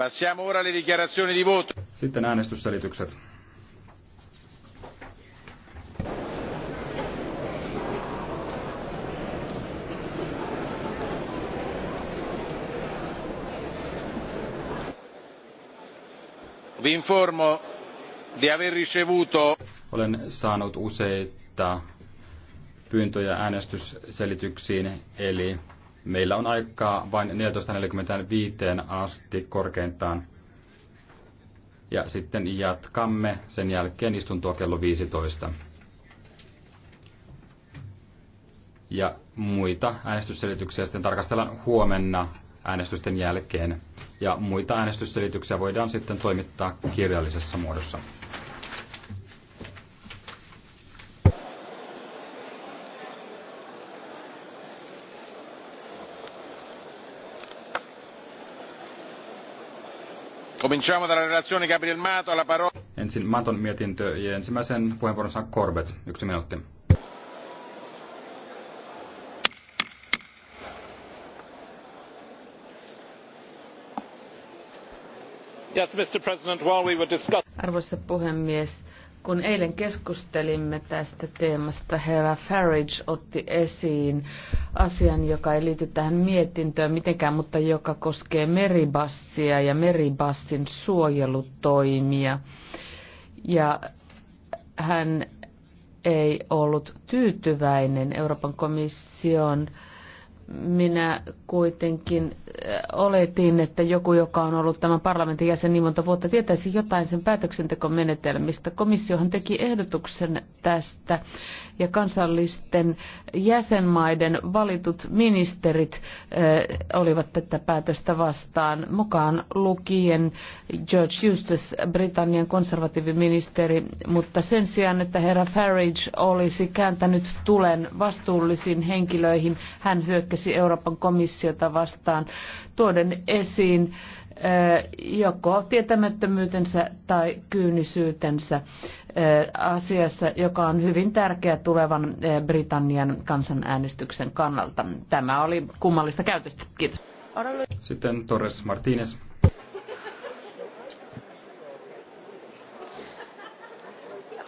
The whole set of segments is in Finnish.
Passiamo ora alle dichiarazioni di voto. Sitten äänestysselitykset. Vi informo di aver ricevuto olen saanut useita pyyntöjä äänestysselityksiin, eli Meillä on aikaa vain 14.45 asti korkeintaan. Ja sitten jatkamme sen jälkeen istuntoa kello 15. Ja muita äänestysselityksiä sitten tarkastellaan huomenna äänestysten jälkeen. Ja muita äänestysselityksiä voidaan sitten toimittaa kirjallisessa muodossa. Cominciamo dalla relazione Gabriel Mato, alla parola. Ensin Maton mietintö ja ensimmäisen puheenvuoron saa Corbett. Yksi minuutti. Yes, Mr. President, while we were discussing... Arvoisa puhemies, kun eilen keskustelimme tästä teemasta, herra Farage otti esiin asian, joka ei liity tähän mietintöön mitenkään, mutta joka koskee meribassia ja meribassin suojelutoimia. Ja hän ei ollut tyytyväinen Euroopan komission äh, minä kuitenkin äh, oletin, että joku, joka on ollut tämän parlamentin jäsen niin monta vuotta, tietäisi jotain sen päätöksentekomenetelmistä. Komissiohan teki ehdotuksen tästä ja kansallisten jäsenmaiden valitut ministerit äh, olivat tätä päätöstä vastaan, mukaan lukien George Eustace, Britannian konservatiiviministeri, mutta sen sijaan, että herra Farage olisi kääntänyt tulen vastuullisiin henkilöihin, hän hyökkäsi olisi Euroopan komissiota vastaan tuoden esiin eh, joko tietämättömyytensä tai kyynisyytensä eh, asiassa, joka on hyvin tärkeä tulevan eh, Britannian kansanäänestyksen kannalta. Tämä oli kummallista käytöstä. Kiitos. Sitten Torres Martínez.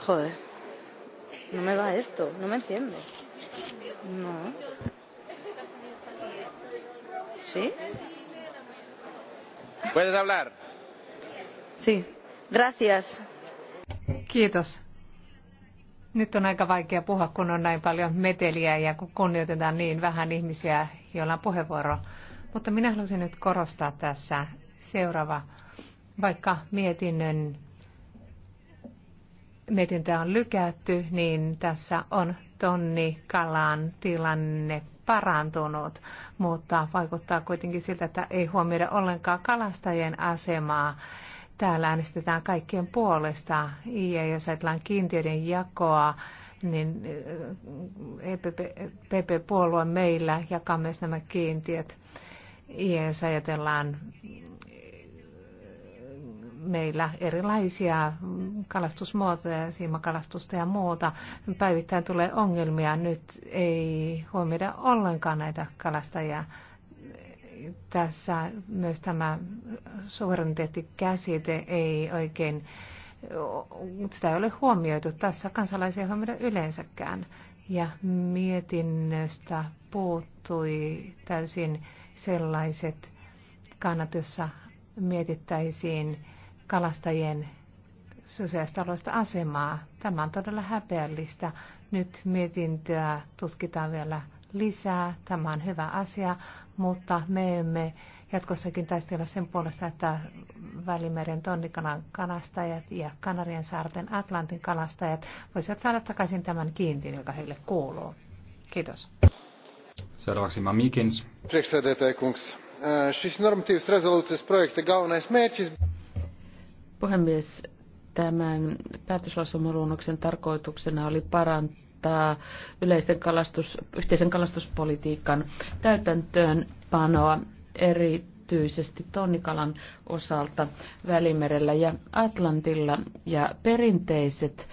Joder, no me va esto, no me enciende. No. ¿Sí? ¿Puedes hablar? Sí. Gracias. Kiitos. Nyt on aika vaikea puhua, kun on näin paljon meteliä ja kun kunnioitetaan niin vähän ihmisiä, joilla on puheenvuoro. Mutta minä haluaisin nyt korostaa tässä seuraava, vaikka mietinnön mietintä on lykätty, niin tässä on tonni kalan tilanne parantunut, mutta vaikuttaa kuitenkin siltä, että ei huomioida ollenkaan kalastajien asemaa. Täällä äänestetään kaikkien puolesta, ja jos ajatellaan kiintiöiden jakoa, niin eh, e PP-puolue meillä jakaa myös nämä kiintiöt. Ja jos ajatellaan meillä erilaisia kalastusmuotoja, siimakalastusta ja muuta. Päivittäin tulee ongelmia. Nyt ei huomioida ollenkaan näitä kalastajia. Tässä myös tämä suvereniteettikäsite ei oikein, sitä ei ole huomioitu tässä kansalaisia huomioida yleensäkään. Ja mietinnöstä puuttui täysin sellaiset kannat, joissa mietittäisiin kalastajien sosiaalista asemaa. Tämä on todella häpeällistä. Nyt mietintöä tutkitaan vielä lisää. Tämä on hyvä asia, mutta me emme jatkossakin taistella sen puolesta, että Välimeren tonnikalan kalastajat ja Kanarien saarten Atlantin kalastajat voisivat saada takaisin tämän kiintiin, joka heille kuuluu. Kiitos. Seuraavaksi Mamikins. Priekšsēdētāja kungs, šis normatīvs rezolūcijas projekta galvenais Puhemies, tämän päätöslausumaluonnoksen tarkoituksena oli parantaa yleisen kalastus, yhteisen kalastuspolitiikan täytäntöönpanoa erityisesti tonnikalan osalta Välimerellä ja Atlantilla ja perinteiset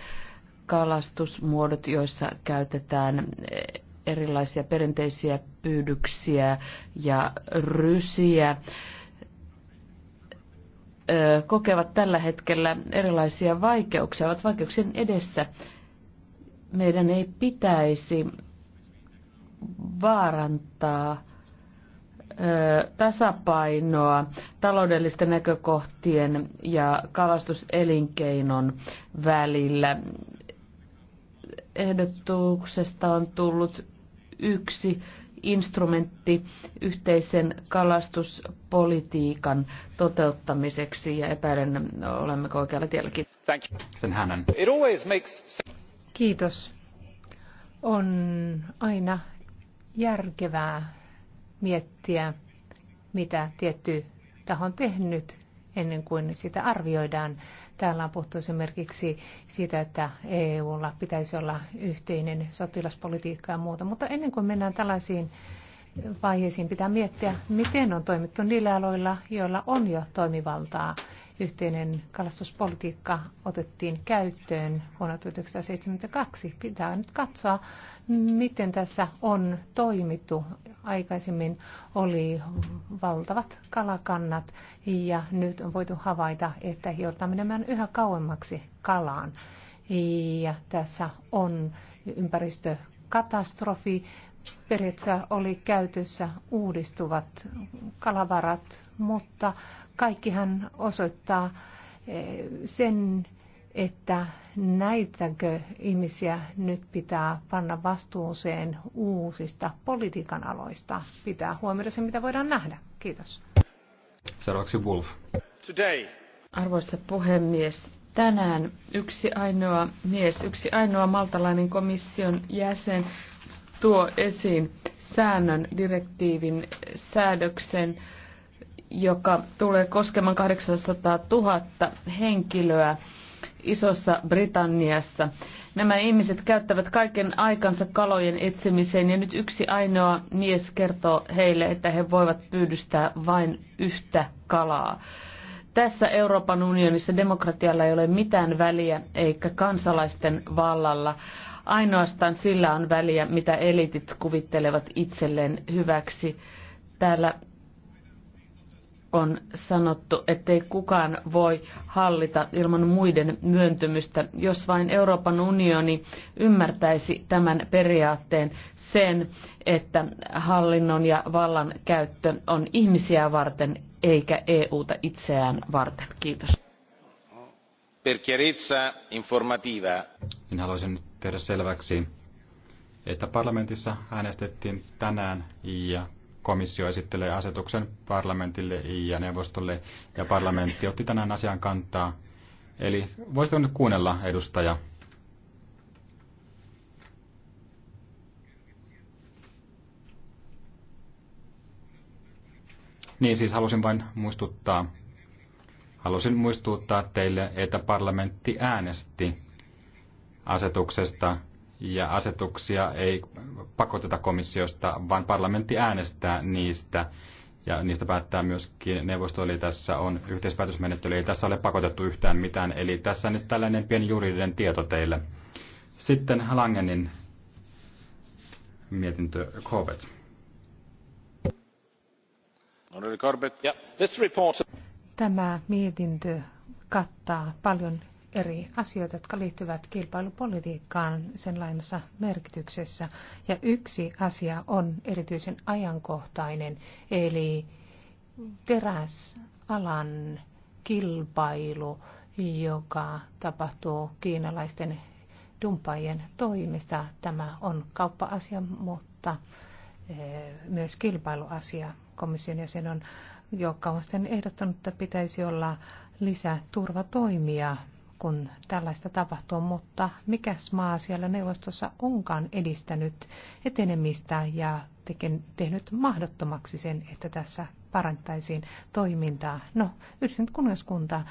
kalastusmuodot, joissa käytetään erilaisia perinteisiä pyydyksiä ja rysiä kokevat tällä hetkellä erilaisia vaikeuksia, ovat vaikeuksien edessä. Meidän ei pitäisi vaarantaa tasapainoa taloudellisten näkökohtien ja kalastuselinkeinon välillä. Ehdotuksesta on tullut yksi instrumentti yhteisen kalastuspolitiikan toteuttamiseksi ja epäilen, olemmeko oikealla tielläkin. Sen hänen. Kiitos. On aina järkevää miettiä, mitä tietty taho on tehnyt ennen kuin sitä arvioidaan. Täällä on puhuttu esimerkiksi siitä, että EUlla pitäisi olla yhteinen sotilaspolitiikka ja muuta, mutta ennen kuin mennään tällaisiin vaiheisiin, pitää miettiä, miten on toimittu niillä aloilla, joilla on jo toimivaltaa yhteinen kalastuspolitiikka otettiin käyttöön vuonna 1972. Pitää nyt katsoa, miten tässä on toimittu. Aikaisemmin oli valtavat kalakannat ja nyt on voitu havaita, että joudutaan menemään yhä kauemmaksi kalaan. Ja tässä on ympäristökatastrofi, Periaatteessa oli käytössä uudistuvat kalavarat, mutta kaikkihan osoittaa eh, sen, että näitäkö ihmisiä nyt pitää panna vastuuseen uusista politiikan aloista. Pitää huomioida se, mitä voidaan nähdä. Kiitos. Seuraavaksi Wolf. Today. Arvoisa puhemies, tänään yksi ainoa mies, yksi ainoa maltalainen komission jäsen tuo esiin säännön direktiivin säädöksen, joka tulee koskemaan 800 000 henkilöä Isossa Britanniassa. Nämä ihmiset käyttävät kaiken aikansa kalojen etsimiseen ja nyt yksi ainoa mies kertoo heille, että he voivat pyydystää vain yhtä kalaa. Tässä Euroopan unionissa demokratialla ei ole mitään väliä eikä kansalaisten vallalla. Ainoastaan sillä on väliä, mitä elitit kuvittelevat itselleen hyväksi. Täällä on sanottu, ettei kukaan voi hallita ilman muiden myöntymystä. Jos vain Euroopan unioni ymmärtäisi tämän periaatteen sen, että hallinnon ja vallan käyttö on ihmisiä varten eikä EUta itseään varten. Kiitos per chiarezza informativa. haluaisin nyt tehdä selväksi, että parlamentissa äänestettiin tänään ja komissio esittelee asetuksen parlamentille ja neuvostolle ja parlamentti otti tänään asian kantaa. Eli voisitko nyt kuunnella edustaja? Niin siis halusin vain muistuttaa Halusin muistuttaa teille, että parlamentti äänesti asetuksesta ja asetuksia ei pakoteta komissiosta, vaan parlamentti äänestää niistä ja niistä päättää myöskin neuvosto, eli tässä on yhteispäätösmenettely, ei tässä ole pakotettu yhtään mitään, eli tässä nyt tällainen pieni juridinen tieto teille. Sitten Langenin mietintö Corbett. Honorable Corbett. Yeah, this report... Tämä mietintö kattaa paljon eri asioita, jotka liittyvät kilpailupolitiikkaan sen laajemmassa merkityksessä. Ja yksi asia on erityisen ajankohtainen, eli teräsalan kilpailu, joka tapahtuu kiinalaisten dumpaajien toimista. Tämä on kauppa-asia, mutta eh, myös kilpailuasia komission jäsen on joka on sitten ehdottanut, että pitäisi olla lisää turvatoimia, kun tällaista tapahtuu, mutta mikäs maa siellä neuvostossa onkaan edistänyt etenemistä ja tehnyt mahdottomaksi sen, että tässä parantaisiin toimintaa. No, yhdistynyt kuningaskunta,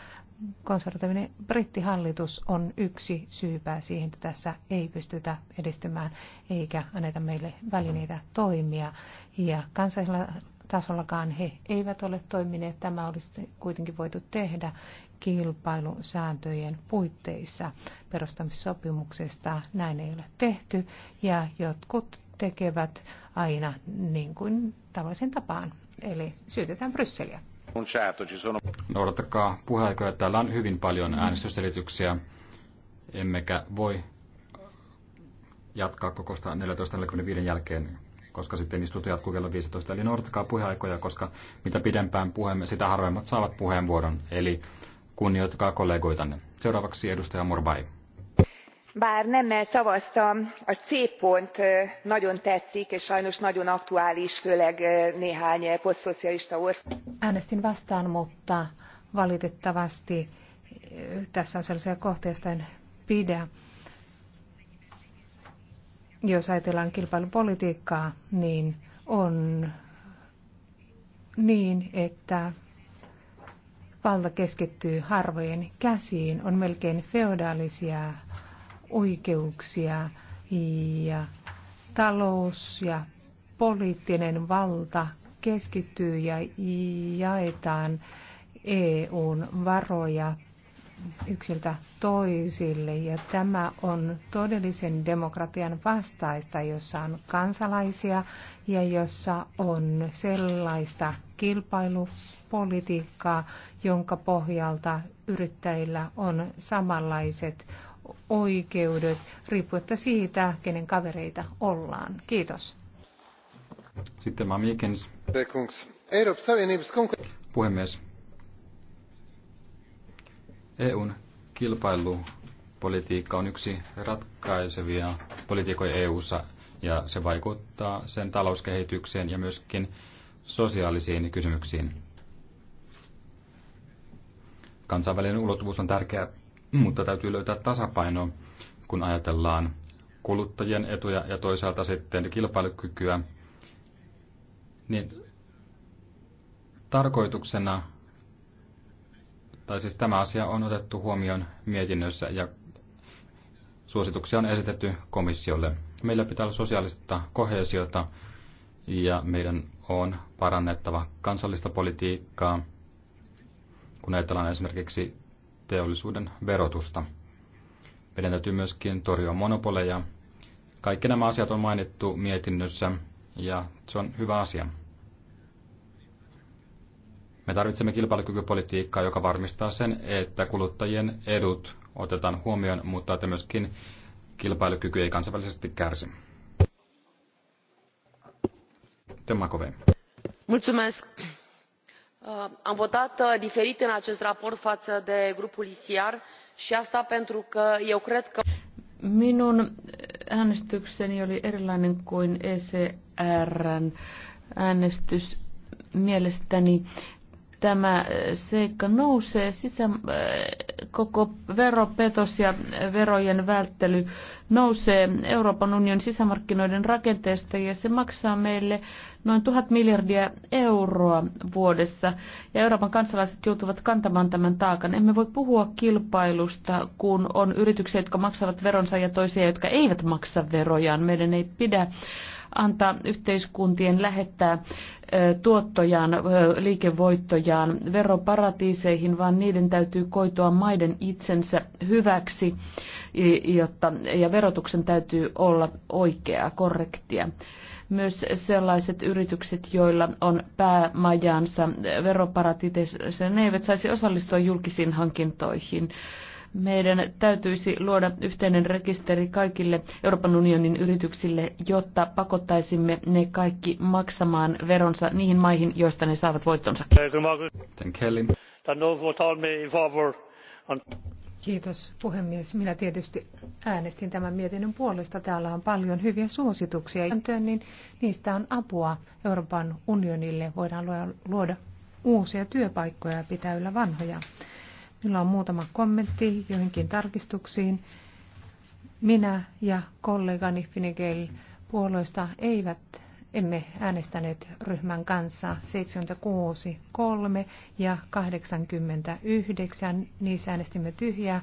konservatiivinen brittihallitus on yksi syypää siihen, että tässä ei pystytä edistymään eikä anneta meille välineitä toimia. Ja kansallisella tasollakaan he eivät ole toimineet. Tämä olisi kuitenkin voitu tehdä kilpailusääntöjen puitteissa perustamissopimuksesta. Näin ei ole tehty ja jotkut tekevät aina niin kuin tavallisen tapaan. Eli syytetään Brysseliä. Noudattakaa puheaikoja. Täällä on hyvin paljon äänestysselityksiä. Emmekä voi jatkaa kokosta 14.45 jälkeen koska sitten istunto jatkuu kello 15. Eli noudattakaa puheaikoja, koska mitä pidempään puheemme, sitä harvemmat saavat puheenvuoron. Eli kunnioittakaa kollegoitanne. Seuraavaksi edustaja Morbai. Bár nem szavaztam, a C pont nagyon tetszik, és sajnos nagyon aktuális, főleg néhány posztszocialista ország. Äänestin vastaan, mutta valitettavasti tässä on sellaisia kohteista en pidä jos ajatellaan kilpailupolitiikkaa, niin on niin, että valta keskittyy harvojen käsiin, on melkein feodaalisia oikeuksia ja talous ja poliittinen valta keskittyy ja jaetaan EUn varoja yksiltä toisille. Ja tämä on todellisen demokratian vastaista, jossa on kansalaisia ja jossa on sellaista kilpailupolitiikkaa, jonka pohjalta yrittäjillä on samanlaiset oikeudet, riippuen siitä, kenen kavereita ollaan. Kiitos. Sitten Mamikens. Puhemies, EUn kilpailupolitiikka on yksi ratkaisevia politiikoja EUssa ja se vaikuttaa sen talouskehitykseen ja myöskin sosiaalisiin kysymyksiin. Kansainvälinen ulottuvuus on tärkeä, mutta täytyy löytää tasapaino, kun ajatellaan kuluttajien etuja ja toisaalta sitten kilpailukykyä. Niin tarkoituksena tai siis tämä asia on otettu huomioon mietinnössä ja suosituksia on esitetty komissiolle. Meillä pitää olla sosiaalista kohesiota ja meidän on parannettava kansallista politiikkaa, kun ajatellaan esimerkiksi teollisuuden verotusta. Meidän täytyy myöskin torjua monopoleja. Kaikki nämä asiat on mainittu mietinnössä ja se on hyvä asia. Me tarvitsemme kilpailukykypolitiikkaa, joka varmistaa sen, että kuluttajien edut otetaan huomioon, mutta että myöskin kilpailukyky ei kansainvälisesti kärsi. Temmakove. Mulțumesc. Am votat uh, diferit în acest raport față de grupul ICR și asta pentru că eu cred că... Minun äänestykseni oli erilainen kuin ECRn äänestys mielestäni tämä äh, seikka nousee, sisä, äh, koko veropetos ja verojen välttely nousee Euroopan unionin sisämarkkinoiden rakenteesta ja se maksaa meille noin tuhat miljardia euroa vuodessa. Ja Euroopan kansalaiset joutuvat kantamaan tämän taakan. Emme voi puhua kilpailusta, kun on yrityksiä, jotka maksavat veronsa ja toisia, jotka eivät maksa verojaan. Meidän ei pidä antaa yhteiskuntien lähettää tuottojaan, liikevoittojaan veroparatiiseihin, vaan niiden täytyy koitua maiden itsensä hyväksi jotta, ja verotuksen täytyy olla oikeaa, korrektia myös sellaiset yritykset, joilla on päämajansa veroparatiiteissa, ne eivät saisi osallistua julkisiin hankintoihin. Meidän täytyisi luoda yhteinen rekisteri kaikille Euroopan unionin yrityksille, jotta pakottaisimme ne kaikki maksamaan veronsa niihin maihin, joista ne saavat voittonsa. Kiitos puhemies. Minä tietysti äänestin tämän mietinnön puolesta. Täällä on paljon hyviä suosituksia, niin niistä on apua Euroopan unionille. Voidaan luoda uusia työpaikkoja ja pitää yllä vanhoja. Minulla on muutama kommentti joihinkin tarkistuksiin. Minä ja kollegani Finegel puolueesta eivät, emme äänestäneet ryhmän kanssa 76, 3 ja 89. Niissä äänestimme tyhjää,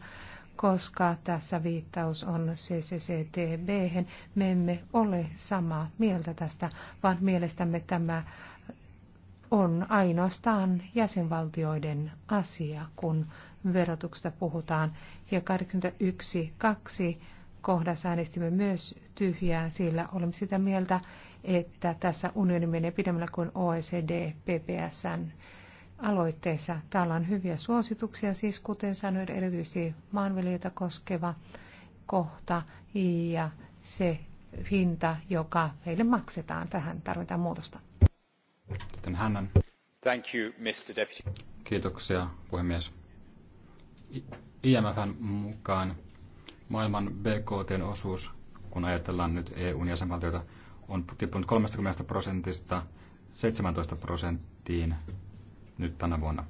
koska tässä viittaus on CCCTB. Me emme ole samaa mieltä tästä, vaan mielestämme tämä on ainoastaan jäsenvaltioiden asia, kun verotuksesta puhutaan. Ja 81.2 kohdassa äänestimme myös tyhjää, sillä olemme sitä mieltä, että tässä unioni menee pidemmällä kuin OECD PPSn aloitteessa. Täällä on hyviä suosituksia, siis kuten sanoin, erityisesti maanviljelijöitä koskeva kohta ja se hinta, joka heille maksetaan. Tähän tarvitaan muutosta. Sitten Hannan. Thank you, Mr. Deputy. Kiitoksia, puhemies. IMFn mukaan maailman BKTn osuus, kun ajatellaan nyt EUn jäsenvaltioita, on tippunut 30 prosentista 17 prosenttiin nyt tänä vuonna.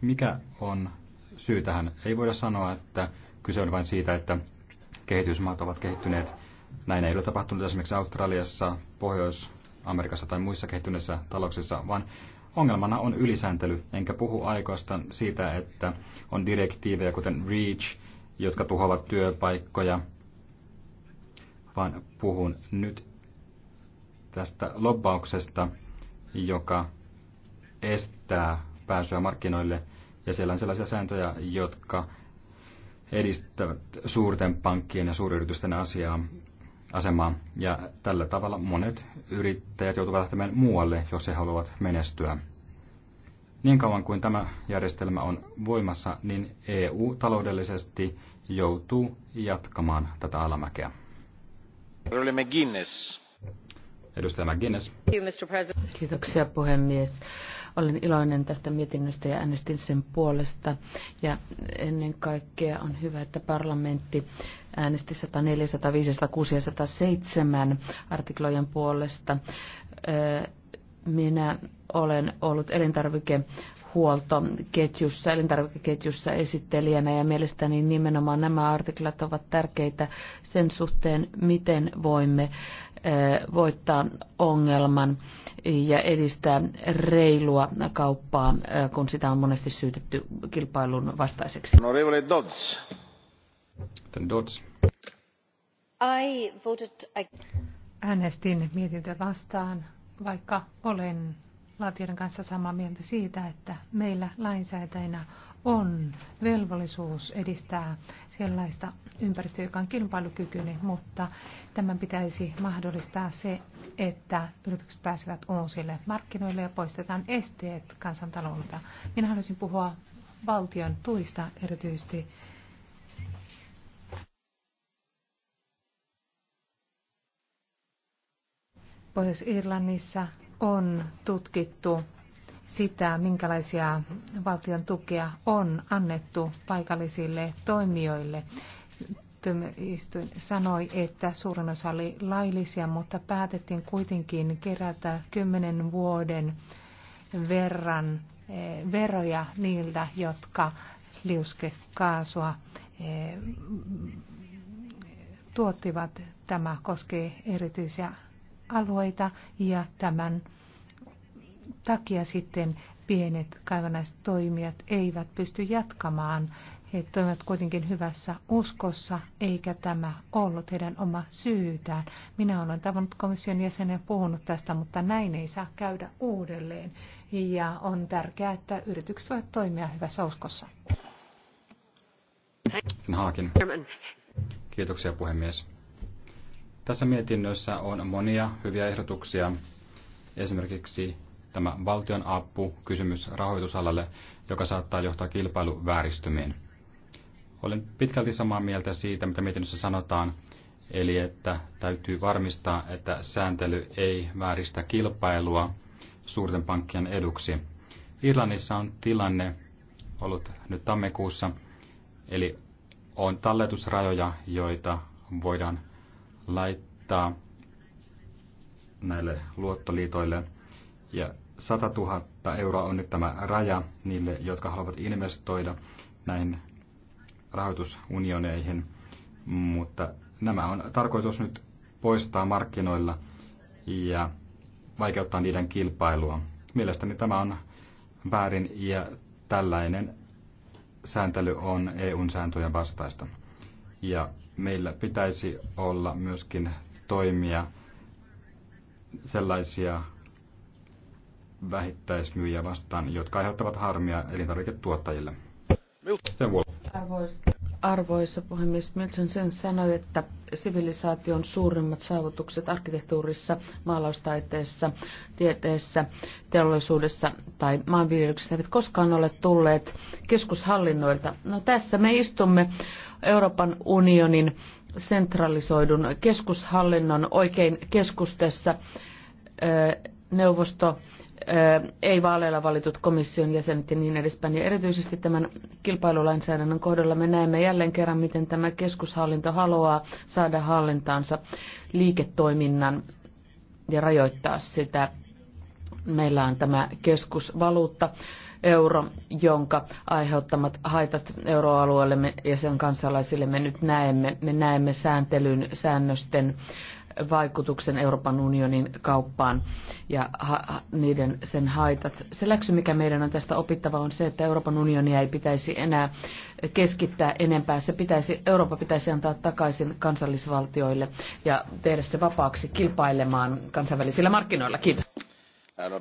Mikä on syy tähän? Ei voida sanoa, että kyse on vain siitä, että kehitysmaat ovat kehittyneet. Näin ei ole tapahtunut esimerkiksi Australiassa, Pohjois- Amerikassa tai muissa kehittyneissä talouksissa, vaan ongelmana on ylisääntely. Enkä puhu aikoista siitä, että on direktiivejä kuten REACH, jotka tuhoavat työpaikkoja, vaan puhun nyt tästä lobbauksesta, joka estää pääsyä markkinoille. Ja siellä on sellaisia sääntöjä, jotka edistävät suurten pankkien ja suuryritysten asiaa asemaa. Ja tällä tavalla monet yrittäjät joutuvat lähtemään muualle, jos he haluavat menestyä. Niin kauan kuin tämä järjestelmä on voimassa, niin EU taloudellisesti joutuu jatkamaan tätä alamäkeä. Edustaja McGuinness. Kiitoksia puhemies. Olen iloinen tästä mietinnöstä ja äänestin sen puolesta. Ja ennen kaikkea on hyvä, että parlamentti äänesti 104, 105, 106 ja 107 artiklojen puolesta. Minä olen ollut elintarvike huoltoketjussa, elintarvikeketjussa esittelijänä ja mielestäni nimenomaan nämä artiklat ovat tärkeitä sen suhteen, miten voimme voittaa ongelman ja edistää reilua kauppaa, kun sitä on monesti syytetty kilpailun vastaiseksi. Honorable Dodds. Dodds. I voted... Äänestin mietintöä vastaan, vaikka olen laatioiden kanssa samaa mieltä siitä, että meillä lainsäätäjinä on velvollisuus edistää sellaista ympäristö, joka on kilpailukykyinen, mutta tämän pitäisi mahdollistaa se, että yritykset pääsevät uusille markkinoille ja poistetaan esteet kansantaloudelta. Minä haluaisin puhua valtion tuista erityisesti Pohjois-Irlannissa on tutkittu sitä, minkälaisia valtion tukea on annettu paikallisille toimijoille tuomioistuin sanoi, että suurin osa oli laillisia, mutta päätettiin kuitenkin kerätä kymmenen vuoden verran eh, veroja niiltä, jotka liuskekaasua eh, tuottivat. Tämä koskee erityisiä alueita ja tämän takia sitten pienet kaivannaistoimijat eivät pysty jatkamaan he toimivat kuitenkin hyvässä uskossa, eikä tämä ollut heidän oma syytään. Minä olen tavannut komission jäsenen puhunut tästä, mutta näin ei saa käydä uudelleen. Ja on tärkeää, että yritykset voivat toimia hyvässä uskossa. haakin. Kiitoksia puhemies. Tässä mietinnössä on monia hyviä ehdotuksia. Esimerkiksi tämä valtion apu kysymys rahoitusalalle, joka saattaa johtaa kilpailuvääristymiin. Olen pitkälti samaa mieltä siitä, mitä mietinnössä sanotaan, eli että täytyy varmistaa, että sääntely ei vääristä kilpailua suurten pankkien eduksi. Irlannissa on tilanne ollut nyt tammikuussa, eli on talletusrajoja, joita voidaan laittaa näille luottoliitoille. Ja 100 000 euroa on nyt tämä raja niille, jotka haluavat investoida näihin rahoitusunioneihin, mutta nämä on tarkoitus nyt poistaa markkinoilla ja vaikeuttaa niiden kilpailua. Mielestäni tämä on väärin ja tällainen sääntely on EUn sääntöjen vastaista. Ja meillä pitäisi olla myöskin toimia sellaisia vähittäismyyjiä vastaan, jotka aiheuttavat harmia elintarviketuottajille. Sen vuoksi. Arvoisa, arvoisa puhemies, Milton sen sanoi, että sivilisaation suurimmat saavutukset arkkitehtuurissa, maalaustaiteessa, tieteessä, teollisuudessa tai maanviljelyksessä eivät koskaan ole tulleet keskushallinnoilta. No tässä me istumme Euroopan unionin sentralisoidun keskushallinnon oikein keskustessa neuvosto ei vaaleilla valitut komission jäsenet ja niin edespäin. Ja erityisesti tämän kilpailulainsäädännön kohdalla me näemme jälleen kerran, miten tämä keskushallinto haluaa saada hallintaansa liiketoiminnan ja rajoittaa sitä. Meillä on tämä keskusvaluutta euro, jonka aiheuttamat haitat euroalueelle ja sen kansalaisille me nyt näemme. Me näemme sääntelyn, säännösten äh, vaikutuksen Euroopan unionin kauppaan ja niiden sen haitat. Se läksy, mikä meidän on tästä opittava, on se, että Euroopan unionia ei pitäisi enää keskittää enempää. Se pitäisi, Eurooppa pitäisi antaa takaisin kansallisvaltioille ja tehdä se vapaaksi kilpailemaan kansainvälisillä markkinoilla. Kiitos.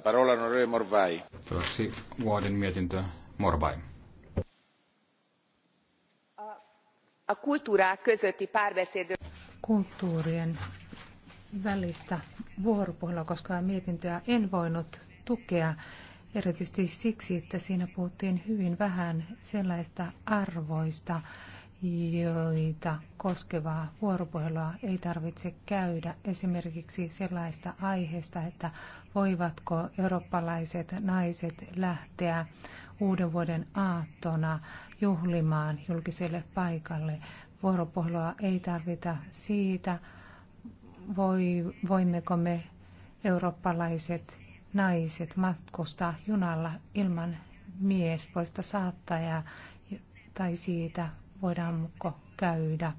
Parola Vuoden mietintö Morvai. kulttuurien välistä vuoropuhelua, koska mietintöä en voinut tukea erityisesti siksi, että siinä puhuttiin hyvin vähän sellaista arvoista, joita koskevaa vuoropuhelua ei tarvitse käydä. Esimerkiksi sellaista aiheesta, että voivatko eurooppalaiset naiset lähteä uuden vuoden aattona juhlimaan julkiselle paikalle. Vuoropuhelua ei tarvita siitä, voi, voimmeko me eurooppalaiset naiset matkustaa junalla ilman miespuolista saattajaa tai siitä voidaan mukko käydä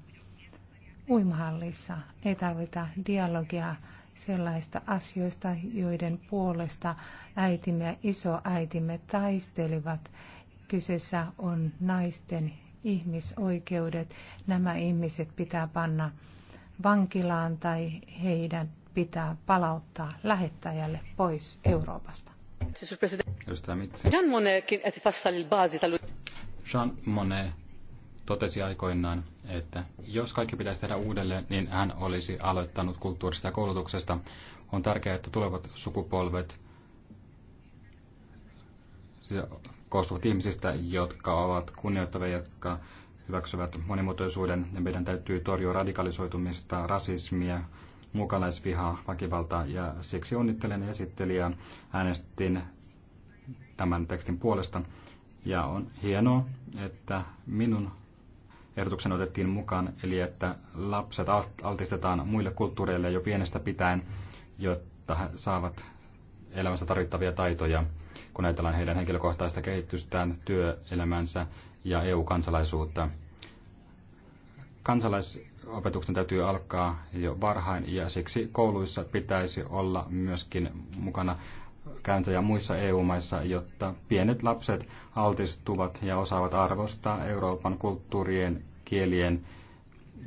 uimahallissa. Ei tarvita dialogia sellaista asioista, joiden puolesta äitimme ja isoäitimme taistelivat. Kyseessä on naisten ihmisoikeudet. Nämä ihmiset pitää panna vankilaan tai heidän pitää palauttaa lähettäjälle pois Euroopasta. Jean Monnet Jean Monnet totesi aikoinaan, että jos kaikki pitäisi tehdä uudelleen, niin hän olisi aloittanut kulttuurista ja koulutuksesta. On tärkeää, että tulevat sukupolvet koostuvat ihmisistä, jotka ovat kunnioittavia, jotka hyväksyvät monimuotoisuuden ja meidän täytyy torjua radikalisoitumista, rasismia, mukalaisvihaa, väkivaltaa ja siksi onnittelen esittelijää. Äänestin tämän tekstin puolesta ja on hienoa, että minun ehdotuksen otettiin mukaan, eli että lapset altistetaan muille kulttuureille jo pienestä pitäen, jotta he saavat elämässä tarvittavia taitoja kun ajatellaan heidän henkilökohtaista kehitystään, työelämänsä ja EU-kansalaisuutta. Kansalaisopetuksen täytyy alkaa jo varhain ja siksi kouluissa pitäisi olla myöskin mukana käyntejä muissa EU-maissa, jotta pienet lapset altistuvat ja osaavat arvostaa Euroopan kulttuurien, kielien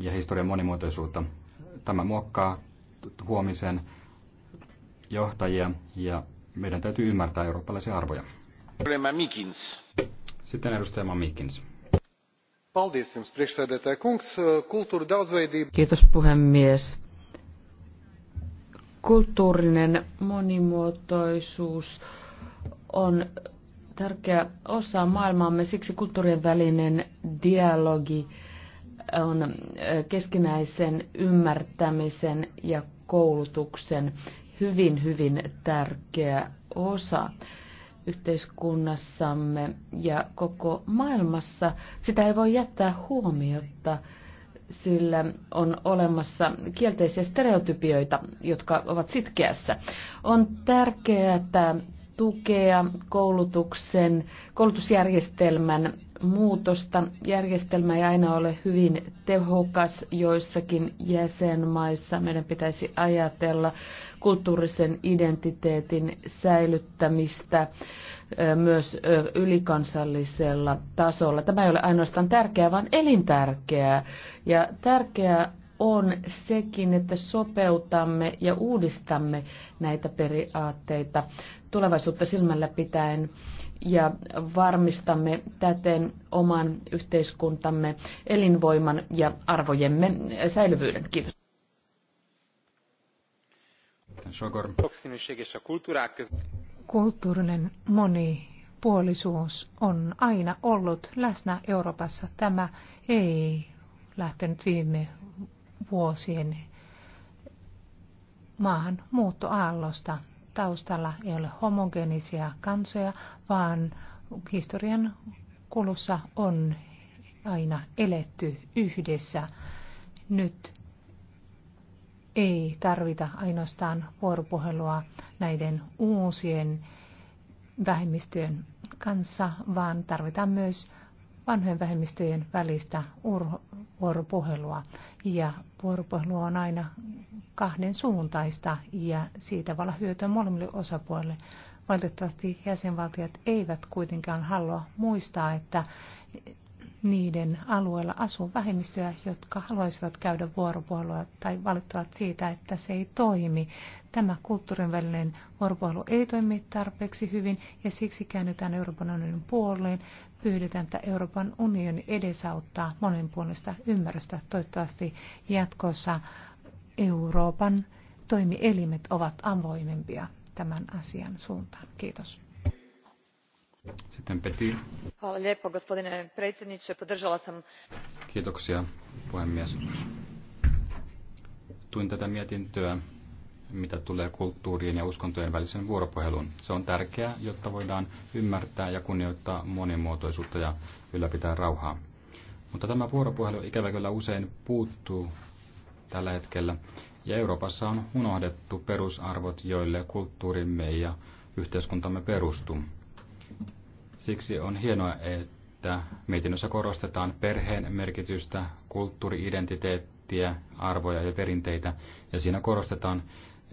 ja historian monimuotoisuutta. Tämä muokkaa huomisen johtajia ja meidän täytyy ymmärtää eurooppalaisia arvoja. Sitten edustaja Mamikins. Kiitos puhemies. Kulttuurinen monimuotoisuus on tärkeä osa maailmaamme, siksi kulttuurien välinen dialogi on keskinäisen ymmärtämisen ja koulutuksen hyvin, hyvin tärkeä osa yhteiskunnassamme ja koko maailmassa. Sitä ei voi jättää huomiota, sillä on olemassa kielteisiä stereotypioita, jotka ovat sitkeässä. On tärkeää tukea koulutuksen, koulutusjärjestelmän muutosta. Järjestelmä ei aina ole hyvin tehokas joissakin jäsenmaissa. Meidän pitäisi ajatella kulttuurisen identiteetin säilyttämistä myös ylikansallisella tasolla. Tämä ei ole ainoastaan tärkeää, vaan elintärkeää. Ja tärkeää on sekin, että sopeutamme ja uudistamme näitä periaatteita tulevaisuutta silmällä pitäen ja varmistamme täten oman yhteiskuntamme elinvoiman ja arvojemme säilyvyyden. Kiitos. Kulttuurinen monipuolisuus on aina ollut läsnä Euroopassa. Tämä ei lähtenyt viime vuosien maahan muuttoaallosta. Taustalla ei ole homogeenisia kansoja, vaan historian kulussa on aina eletty yhdessä. Nyt ei tarvita ainoastaan vuoropuhelua näiden uusien vähemmistöjen kanssa, vaan tarvitaan myös vanhojen vähemmistöjen välistä vuoropuhelua. Ja vuoropuhelu on aina kahden suuntaista ja siitä voi olla hyötyä molemmille osapuolille. Valitettavasti jäsenvaltiot eivät kuitenkaan halua muistaa, että niiden alueella asuu vähemmistöjä, jotka haluaisivat käydä vuoropuhelua tai valittavat siitä, että se ei toimi. Tämä kulttuurin välinen vuoropuhelu ei toimi tarpeeksi hyvin ja siksi käännytään Euroopan unionin puoleen. Pyydetään, että Euroopan unioni edesauttaa monenpuolista ymmärrystä. Toivottavasti jatkossa Euroopan toimielimet ovat avoimempia tämän asian suuntaan. Kiitos gospodine predsjednie podrala sam. kiitoksia puhemies tuin tätä mietintöä mitä tulee kulttuurien ja uskontojen välisen vuoropuheluun. Se on tärkeää, jotta voidaan ymmärtää ja kunnioittaa monimuotoisuutta ja ylläpitää rauhaa. Mutta tämä vuoropuhelu ikävä kyllä usein puuttuu tällä hetkellä, ja Euroopassa on unohdettu perusarvot, joille kulttuurimme ja yhteiskuntamme perustuu. Siksi on hienoa, että mietinnössä korostetaan perheen merkitystä, kulttuuriidentiteettiä, arvoja ja perinteitä, ja siinä korostetaan,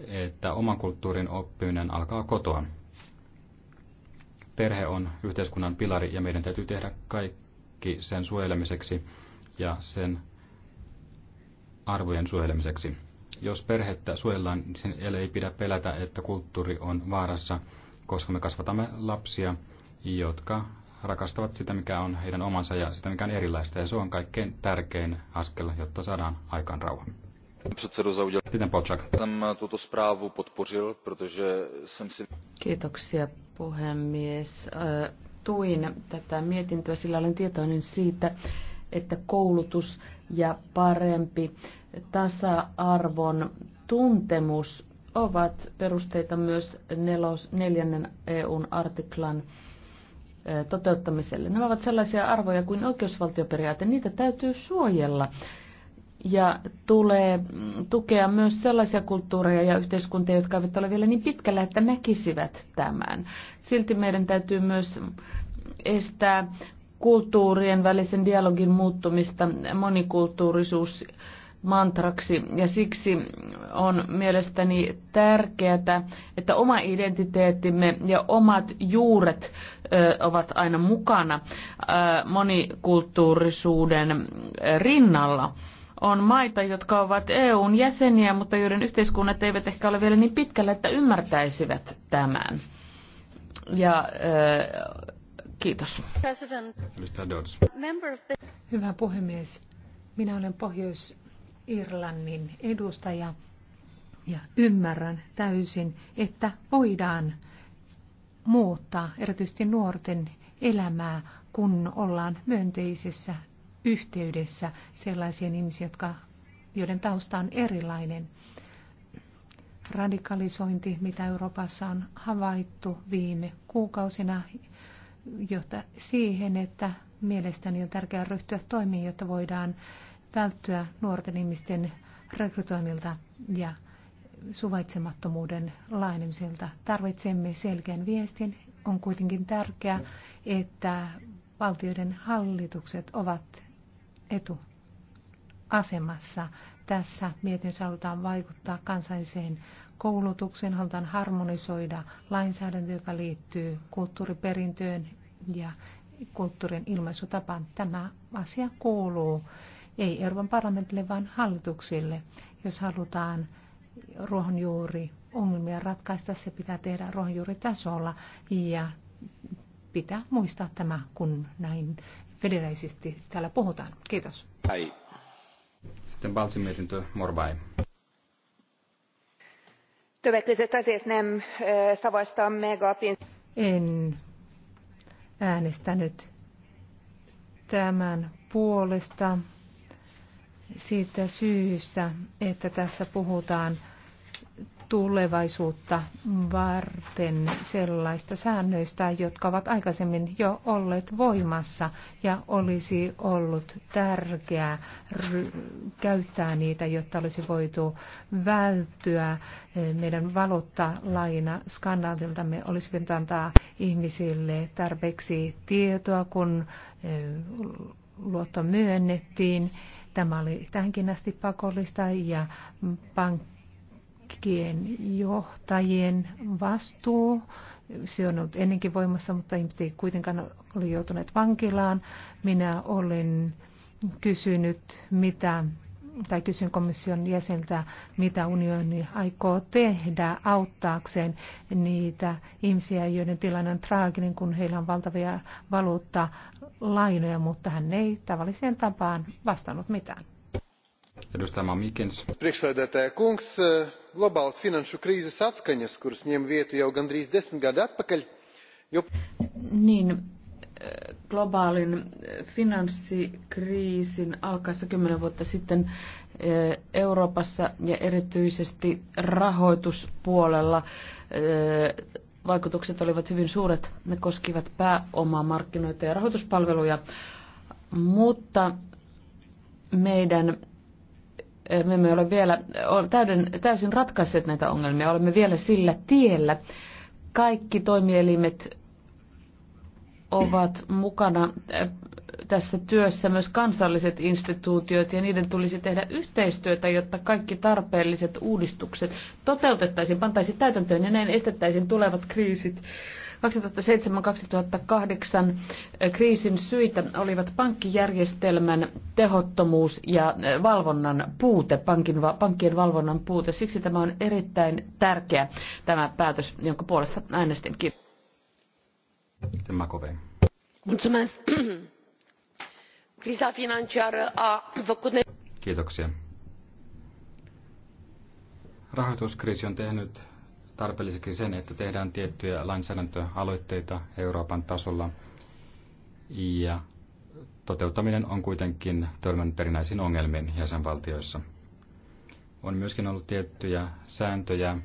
että oman kulttuurin oppiminen alkaa kotoa. Perhe on yhteiskunnan pilari ja meidän täytyy tehdä kaikki sen suojelemiseksi ja sen arvojen suojelemiseksi. Jos perhettä suojellaan, niin sen ei pidä pelätä, että kulttuuri on vaarassa, koska me kasvatamme lapsia, jotka rakastavat sitä, mikä on heidän omansa ja sitä, mikä on erilaista. Ja se on kaikkein tärkein askel, jotta saadaan aikaan rauha. Eh, Kiitoksia puhemies. Eh, tuin tätä mietintöä, sillä olen tietoinen siitä, että koulutus ja parempi tasa-arvon tuntemus ovat perusteita myös nelos, neljännen EUn artiklan toteuttamiselle. Nämä ovat sellaisia arvoja kuin oikeusvaltioperiaate, niitä täytyy suojella. Ja tulee mm, tukea myös sellaisia kulttuureja ja yhteiskuntia, jotka eivät ole vielä niin pitkällä, että näkisivät tämän. Silti meidän täytyy myös estää kulttuurien välisen dialogin muuttumista. Monikulttuurisuus mantraksi ja siksi on mielestäni tärkeää, että oma identiteettimme ja omat juuret ö, ovat aina mukana ö, monikulttuurisuuden rinnalla. On maita, jotka ovat EUn jäseniä, mutta joiden yhteiskunnat eivät ehkä ole vielä niin pitkällä, että ymmärtäisivät tämän. Ja ö, kiitos. Hyvä puhemies. Minä olen Pohjois- Irlannin edustaja ja ymmärrän täysin, että voidaan muuttaa erityisesti nuorten elämää, kun ollaan myönteisessä yhteydessä sellaisiin ihmisiin, jotka, joiden tausta on erilainen. Radikalisointi, mitä Euroopassa on havaittu viime kuukausina, johtaa siihen, että mielestäni on tärkeää ryhtyä toimiin, jotta voidaan välttyä nuorten ihmisten rekrytoinnilta ja suvaitsemattomuuden lainemiselta. Tarvitsemme selkeän viestin. On kuitenkin tärkeää, että valtioiden hallitukset ovat etuasemassa. Tässä mietinnössä halutaan vaikuttaa kansalliseen koulutukseen, halutaan harmonisoida lainsäädäntö, joka liittyy kulttuuriperintöön ja kulttuurin ilmaisutapaan. Tämä asia kuuluu ei Euroopan parlamentille, vaan hallituksille. Jos halutaan ruohonjuuri ongelmia ratkaista, se pitää tehdä ruohonjuuritasolla ja pitää muistaa tämä, kun näin federaisesti täällä puhutaan. Kiitos. Hei. Sitten Baltsin mietintö Morvai. En äänestänyt tämän puolesta siitä syystä, että tässä puhutaan tulevaisuutta varten sellaista säännöistä, jotka ovat aikaisemmin jo olleet voimassa ja olisi ollut tärkeää käyttää niitä, jotta olisi voitu välttyä meidän valuuttalaina skandaalilta. Me olisi voinut antaa ihmisille tarpeeksi tietoa, kun eh, luotto myönnettiin Tämä oli tähänkin asti pakollista ja pankkien johtajien vastuu. Se on ollut ennenkin voimassa, mutta ihmiset ei kuitenkaan ole joutuneet vankilaan. Minä olen kysynyt, mitä tai kysyn komission jäseniltä, mitä unioni aikoo tehdä auttaakseen niitä ihmisiä, joiden tilanne on traaginen, kun heillä on valtavia valuutta lainoja, mutta hän ei tavalliseen tapaan vastannut mitään. Edustaja Mamikins. Priekšsēdētāja kungs, globālas finanšu krīzes atskaņas, kuras ņem vietu jau gandrīz desmit gadu atpakaļ. Jo... Niin, globaalin eh, finanssikriisin alkaessa kymmenen vuotta sitten eh, Euroopassa ja erityisesti rahoituspuolella eh, vaikutukset olivat hyvin suuret. Ne koskivat pääomamarkkinoita ja rahoituspalveluja, mutta meidän me emme ole vielä täyden, täysin ratkaisseet näitä ongelmia. Olemme vielä sillä tiellä. Kaikki toimielimet ovat mukana eh, tässä työssä myös kansalliset instituutiot ja niiden tulisi tehdä yhteistyötä, jotta kaikki tarpeelliset uudistukset toteutettaisiin, pantaisiin täytäntöön ja näin estettäisiin tulevat kriisit. 2007-2008 eh, kriisin syitä olivat pankkijärjestelmän tehottomuus ja eh, valvonnan puute, pankin, pankkien valvonnan puute. Siksi tämä on erittäin tärkeä tämä päätös, jonka puolesta äänestinkin. criza financiară a făcut Kiitoksia. Rahoituskriisi on tehnyt tarpeelliseksi sen, että tehdään tiettyjä lainsäädäntöaloitteita Euroopan tasolla ja toteuttaminen on kuitenkin törmännyt erinäisiin ongelmiin jäsenvaltioissa. On myöskin ollut tiettyjä sääntöjä,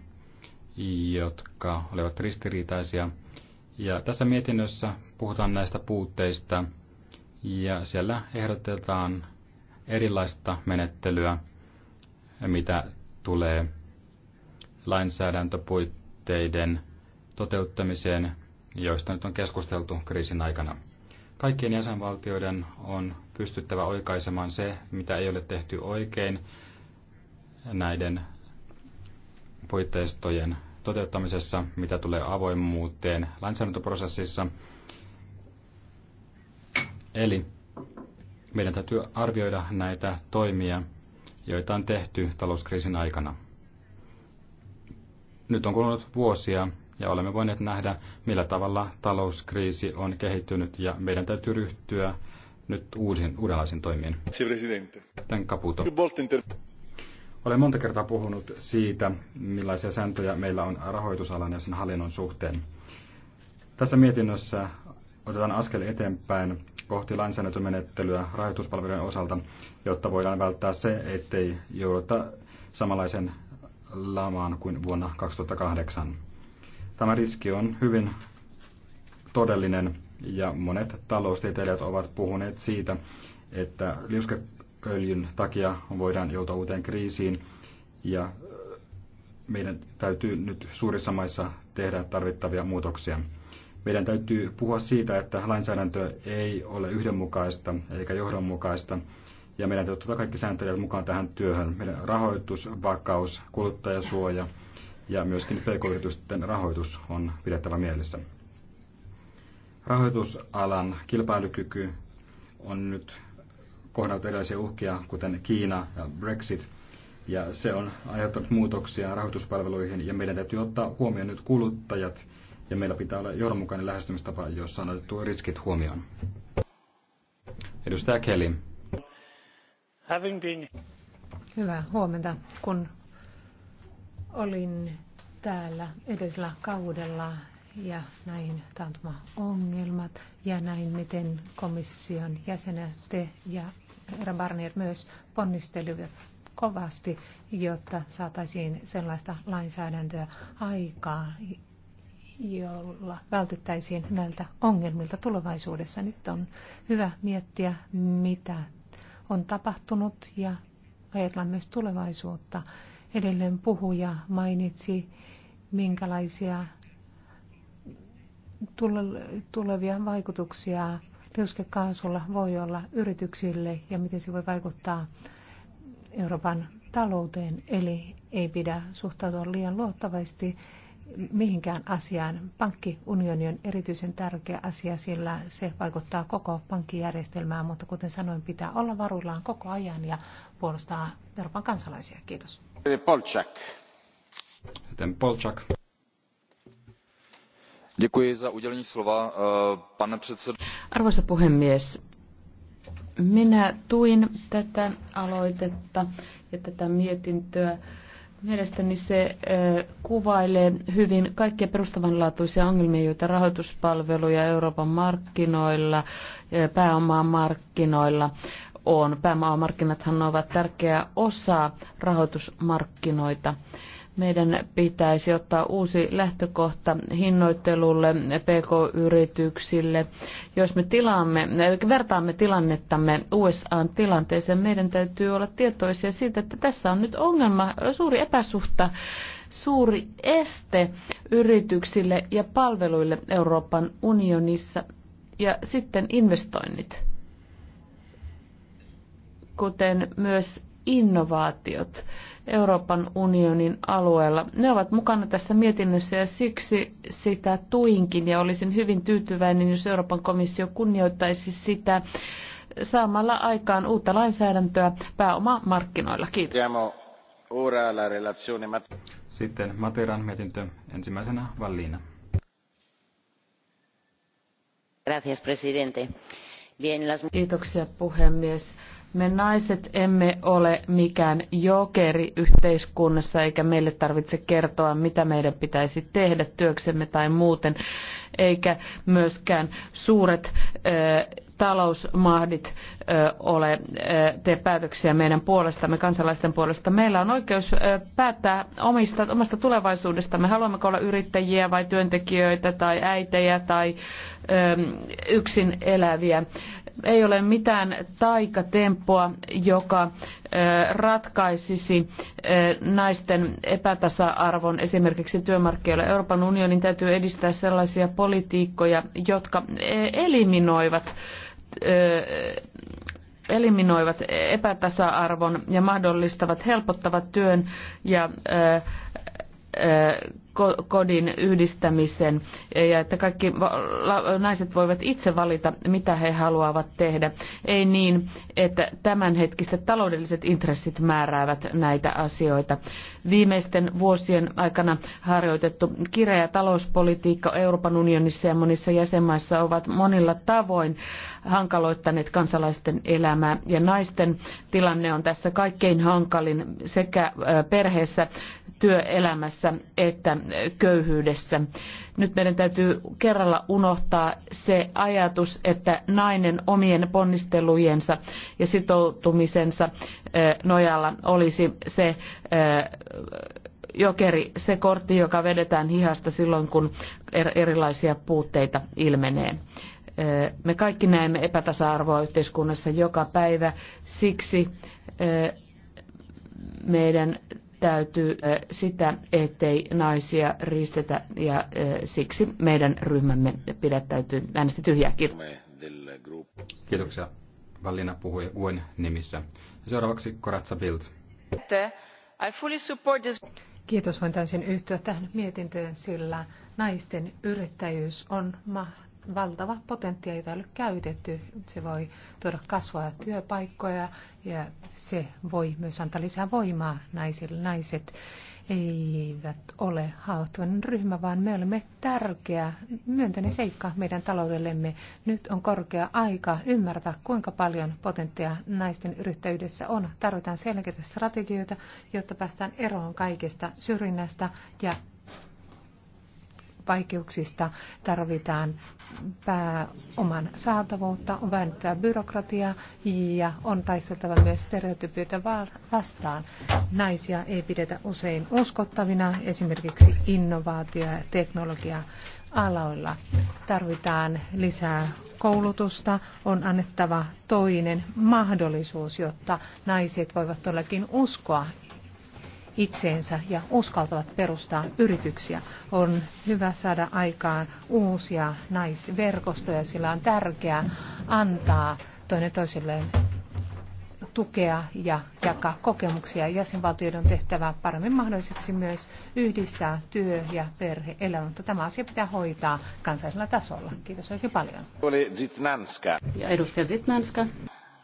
jotka olivat ristiriitaisia – ja tässä mietinnössä puhutaan näistä puutteista ja siellä ehdotetaan erilaista menettelyä, mitä tulee lainsäädäntöpuitteiden toteuttamiseen, joista nyt on keskusteltu kriisin aikana. Kaikkien jäsenvaltioiden on pystyttävä oikaisemaan se, mitä ei ole tehty oikein näiden puitteistojen toteuttamisessa, mitä tulee avoimuuteen lainsäädäntöprosessissa. Eli meidän täytyy arvioida näitä toimia, joita on tehty talouskriisin aikana. Nyt on kulunut vuosia ja olemme voineet nähdä, millä tavalla talouskriisi on kehittynyt ja meidän täytyy ryhtyä nyt uusin, uudenlaisiin toimiin. Tämän kaputo. Olen monta kertaa puhunut siitä, millaisia sääntöjä meillä on rahoitusalan ja sen hallinnon suhteen. Tässä mietinnössä otetaan askel eteenpäin kohti lainsäädäntömenettelyä rahoituspalvelujen osalta, jotta voidaan välttää se, ettei jouduta samanlaisen lamaan kuin vuonna 2008. Tämä riski on hyvin todellinen ja monet taloustieteilijät ovat puhuneet siitä, että liuske öljyn takia voidaan joutua uuteen kriisiin ja meidän täytyy nyt suurissa maissa tehdä tarvittavia muutoksia. Meidän täytyy puhua siitä, että lainsäädäntö ei ole yhdenmukaista eikä johdonmukaista, ja meidän täytyy ottaa kaikki sääntelijät mukaan tähän työhön. Meidän rahoitus, vakaus, kuluttajasuoja ja myöskin pk-yritysten rahoitus on pidettävä mielessä. Rahoitusalan kilpailukyky on nyt kohdannut erilaisia uhkia, kuten Kiina ja Brexit, ja se on aiheuttanut muutoksia rahoituspalveluihin, ja meidän täytyy ottaa huomioon nyt kuluttajat, ja meillä pitää olla johdonmukainen lähestymistapa, jossa on otettu riskit huomioon. Edustaja Kelly. Hyvää huomenta. Kun olin täällä edellisellä kaudella ja näin taantuma-ongelmat ja näin, miten komission jäsenet te ja herra Barnier myös ponnistelivat kovasti, jotta saataisiin sellaista lainsäädäntöä aikaa, jolla vältyttäisiin näiltä ongelmilta tulevaisuudessa. Nyt on hyvä miettiä, mitä on tapahtunut ja ajatellaan myös tulevaisuutta. Edelleen puhuja mainitsi, minkälaisia tulevia vaikutuksia liuskekaasulla voi olla yrityksille ja miten se voi vaikuttaa Euroopan talouteen. Eli ei pidä suhtautua liian luottavasti mihinkään asiaan. Pankkiunioni on erityisen tärkeä asia, sillä se vaikuttaa koko pankkijärjestelmään, mutta kuten sanoin, pitää olla varuillaan koko ajan ja puolustaa Euroopan kansalaisia. Kiitos. Polchak. Sitten Polchak. Eh, Arvoisa puhemies, minä tuin tätä aloitetta ja tätä mietintöä. Mielestäni se eh, kuvailee hyvin kaikkia perustavanlaatuisia ongelmia, joita rahoituspalveluja Euroopan markkinoilla, eh, pääomamarkkinoilla on. Pääomamarkkinathan ovat tärkeä osa rahoitusmarkkinoita meidän pitäisi ottaa uusi lähtökohta hinnoittelulle pk-yrityksille. Jos me tilaamme, vertaamme tilannettamme USAn tilanteeseen, meidän täytyy olla tietoisia siitä, että tässä on nyt ongelma, suuri epäsuhta, suuri este yrityksille ja palveluille Euroopan unionissa ja sitten investoinnit kuten myös innovaatiot Euroopan unionin alueella. Ne ovat mukana tässä mietinnössä ja siksi sitä tuinkin ja olisin hyvin tyytyväinen, jos Euroopan komissio kunnioittaisi sitä saamalla aikaan uutta lainsäädäntöä pääomamarkkinoilla. Kiitos. Sitten Materan mietintö ensimmäisenä Valliina. Gracias, presidente. Kiitoksia puhemies. Me naiset emme ole mikään jokeri yhteiskunnassa, eikä meille tarvitse kertoa, mitä meidän pitäisi tehdä työksemme tai muuten, eikä myöskään suuret ö, talousmahdit ole tee päätöksiä meidän puolestamme, kansalaisten puolesta. Meillä on oikeus päättää omista, omasta tulevaisuudestamme. Haluammeko olla yrittäjiä vai työntekijöitä tai äitejä tai yksin eläviä. Ei ole mitään taikatempoa, joka ratkaisisi naisten epätasa-arvon esimerkiksi työmarkkinoilla. Euroopan unionin täytyy edistää sellaisia politiikkoja, jotka e, eliminoivat eliminoivat epätasa-arvon ja mahdollistavat, helpottavat työn ja kodin yhdistämisen ja että kaikki naiset voivat itse valita, mitä he haluavat tehdä. Ei niin, että tämänhetkiset taloudelliset intressit määräävät näitä asioita. Viimeisten vuosien aikana harjoitettu kireä talouspolitiikka Euroopan unionissa ja monissa jäsenmaissa ovat monilla tavoin hankaloittaneet kansalaisten elämää ja naisten tilanne on tässä kaikkein hankalin sekä perheessä, työelämässä että köyhyydessä. Nyt meidän täytyy kerralla unohtaa se ajatus, että nainen omien ponnistelujensa ja sitoutumisensa nojalla olisi se jokeri, se kortti, joka vedetään hihasta silloin, kun er-, erilaisia puutteita ilmenee. Me kaikki näemme epätasa-arvoa yhteiskunnassa joka päivä, siksi meidän täytyy sitä, ettei naisia riistetä ja siksi meidän ryhmämme pidättäytyy äänestä tyhjää. Kiitos. Kiitoksia. Valina puhui UN nimissä. seuraavaksi Koratsa Bild. Kiitos, voin täysin yhtyä tähän mietintöön, sillä naisten yrittäjyys on mahtavaa valtava potentiaali, jota ei ole käytetty. Se voi tuoda kasvua ja työpaikkoja ja se voi myös antaa lisää voimaa naisille. Naiset eivät ole haavoittuvainen ryhmä, vaan me olemme tärkeä myönteinen seikka meidän taloudellemme. Nyt on korkea aika ymmärtää, kuinka paljon potentiaa naisten yrittäjyydessä on. Tarvitaan selkeitä strategioita, jotta päästään eroon kaikesta syrjinnästä ja vaikeuksista, tarvitaan pääoman saatavuutta, on vähennettävä byrokratiaa ja on taisteltava myös stereotypioita vastaan. Naisia ei pidetä usein uskottavina, esimerkiksi innovaatio- ja teknologia aloilla. Tarvitaan lisää koulutusta, on annettava toinen mahdollisuus, jotta naiset voivat todellakin uskoa itseensä ja uskaltavat perustaa yrityksiä. On hyvä saada aikaan uusia naisverkostoja, sillä on tärkeää antaa toinen toisilleen tukea ja jakaa kokemuksia. Jäsenvaltioiden on tehtävä paremmin mahdolliseksi myös yhdistää työ- ja perhe-elämä, mutta tämä asia pitää hoitaa kansallisella tasolla. Kiitos oikein paljon. Oli Zitnanska. Ja edustaja Zitnanska.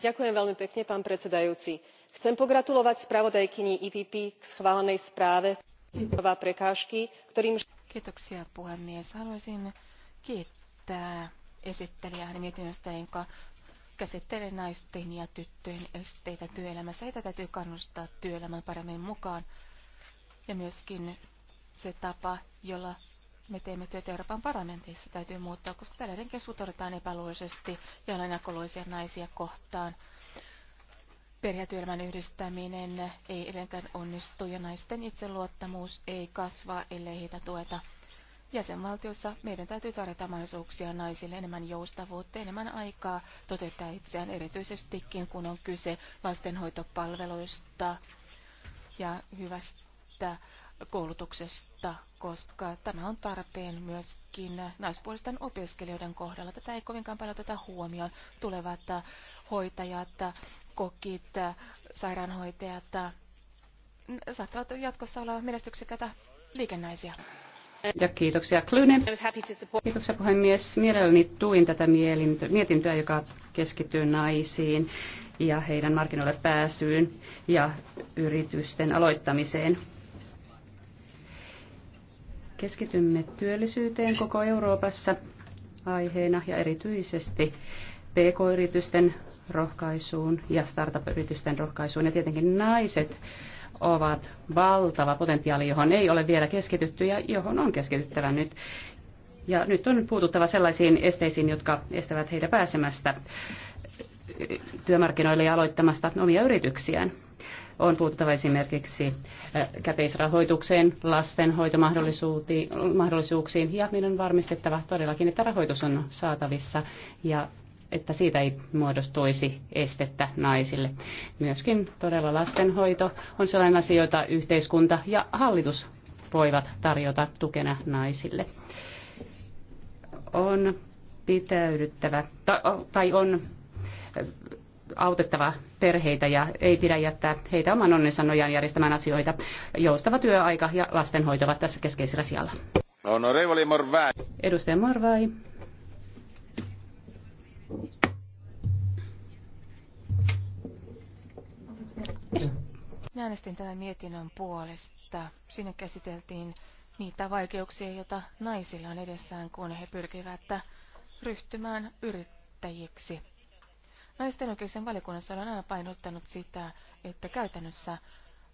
Ďakujem veľmi chcem pogratulovať spravodajkyni EPP k schválenej správe prekážky, ktorým... Kiitoksia puhemies. Haluaisin kiittää esittelijää hänen mietinnöstä, jonka käsittelee naisten ja tyttöjen esteitä työelämässä. Heitä täytyy kannustaa työelämän paremmin mukaan. Ja myöskin se tapa, jolla me teemme työtä Euroopan parlamentissa, täytyy muuttaa, koska tällä hetkellä suhtaudutaan epäluuloisesti ja on ennakkoluisia naisia kohtaan. Perhetyöelämän yhdistäminen ei edelleenkään onnistu ja naisten itseluottamus ei kasva, ellei heitä tueta. Jäsenvaltiossa meidän täytyy tarjota mahdollisuuksia naisille enemmän joustavuutta, enemmän aikaa toteuttaa itseään erityisestikin, kun on kyse lastenhoitopalveluista ja hyvästä koulutuksesta, koska tämä on tarpeen myöskin naispuolisten opiskelijoiden kohdalla. Tätä ei kovinkaan paljon tätä huomioon. Tulevat hoitajat kokit, äh, sairaanhoitajat äh, saattavat jatkossa olla menestyksekkäitä liikennäisiä. Ja kiitoksia Klyne. Kiitoksia puhemies. Mielelläni tuin tätä mietintöä, joka keskittyy naisiin ja heidän markkinoille pääsyyn ja yritysten aloittamiseen. Keskitymme työllisyyteen koko Euroopassa aiheena ja erityisesti pk-yritysten rohkaisuun ja startup-yritysten rohkaisuun. Ja tietenkin naiset ovat valtava potentiaali, johon ei ole vielä keskitytty ja johon on keskityttävä nyt. Ja nyt on puututtava sellaisiin esteisiin, jotka estävät heitä pääsemästä työmarkkinoille ja aloittamasta omia yrityksiään. On puututtava esimerkiksi käteisrahoitukseen, lastenhoitomahdollisuuksiin ja meidän on varmistettava todellakin, että rahoitus on saatavissa ja että siitä ei muodostuisi estettä naisille. Myöskin todella lastenhoito on sellainen asia, jota yhteiskunta ja hallitus voivat tarjota tukena naisille. On pitäydyttävä, tai on autettava perheitä ja ei pidä jättää heitä oman onnensa nojaan järjestämään asioita. Joustava työaika ja lastenhoito ovat tässä keskeisellä sijalla. Edustaja Morvai. Äänestin tämän mietinnön puolesta. Siinä käsiteltiin niitä vaikeuksia, joita naisilla on edessään, kun he pyrkivät ryhtymään yrittäjiksi. Naisten oikeuksien valikunnassa olen aina painottanut sitä, että käytännössä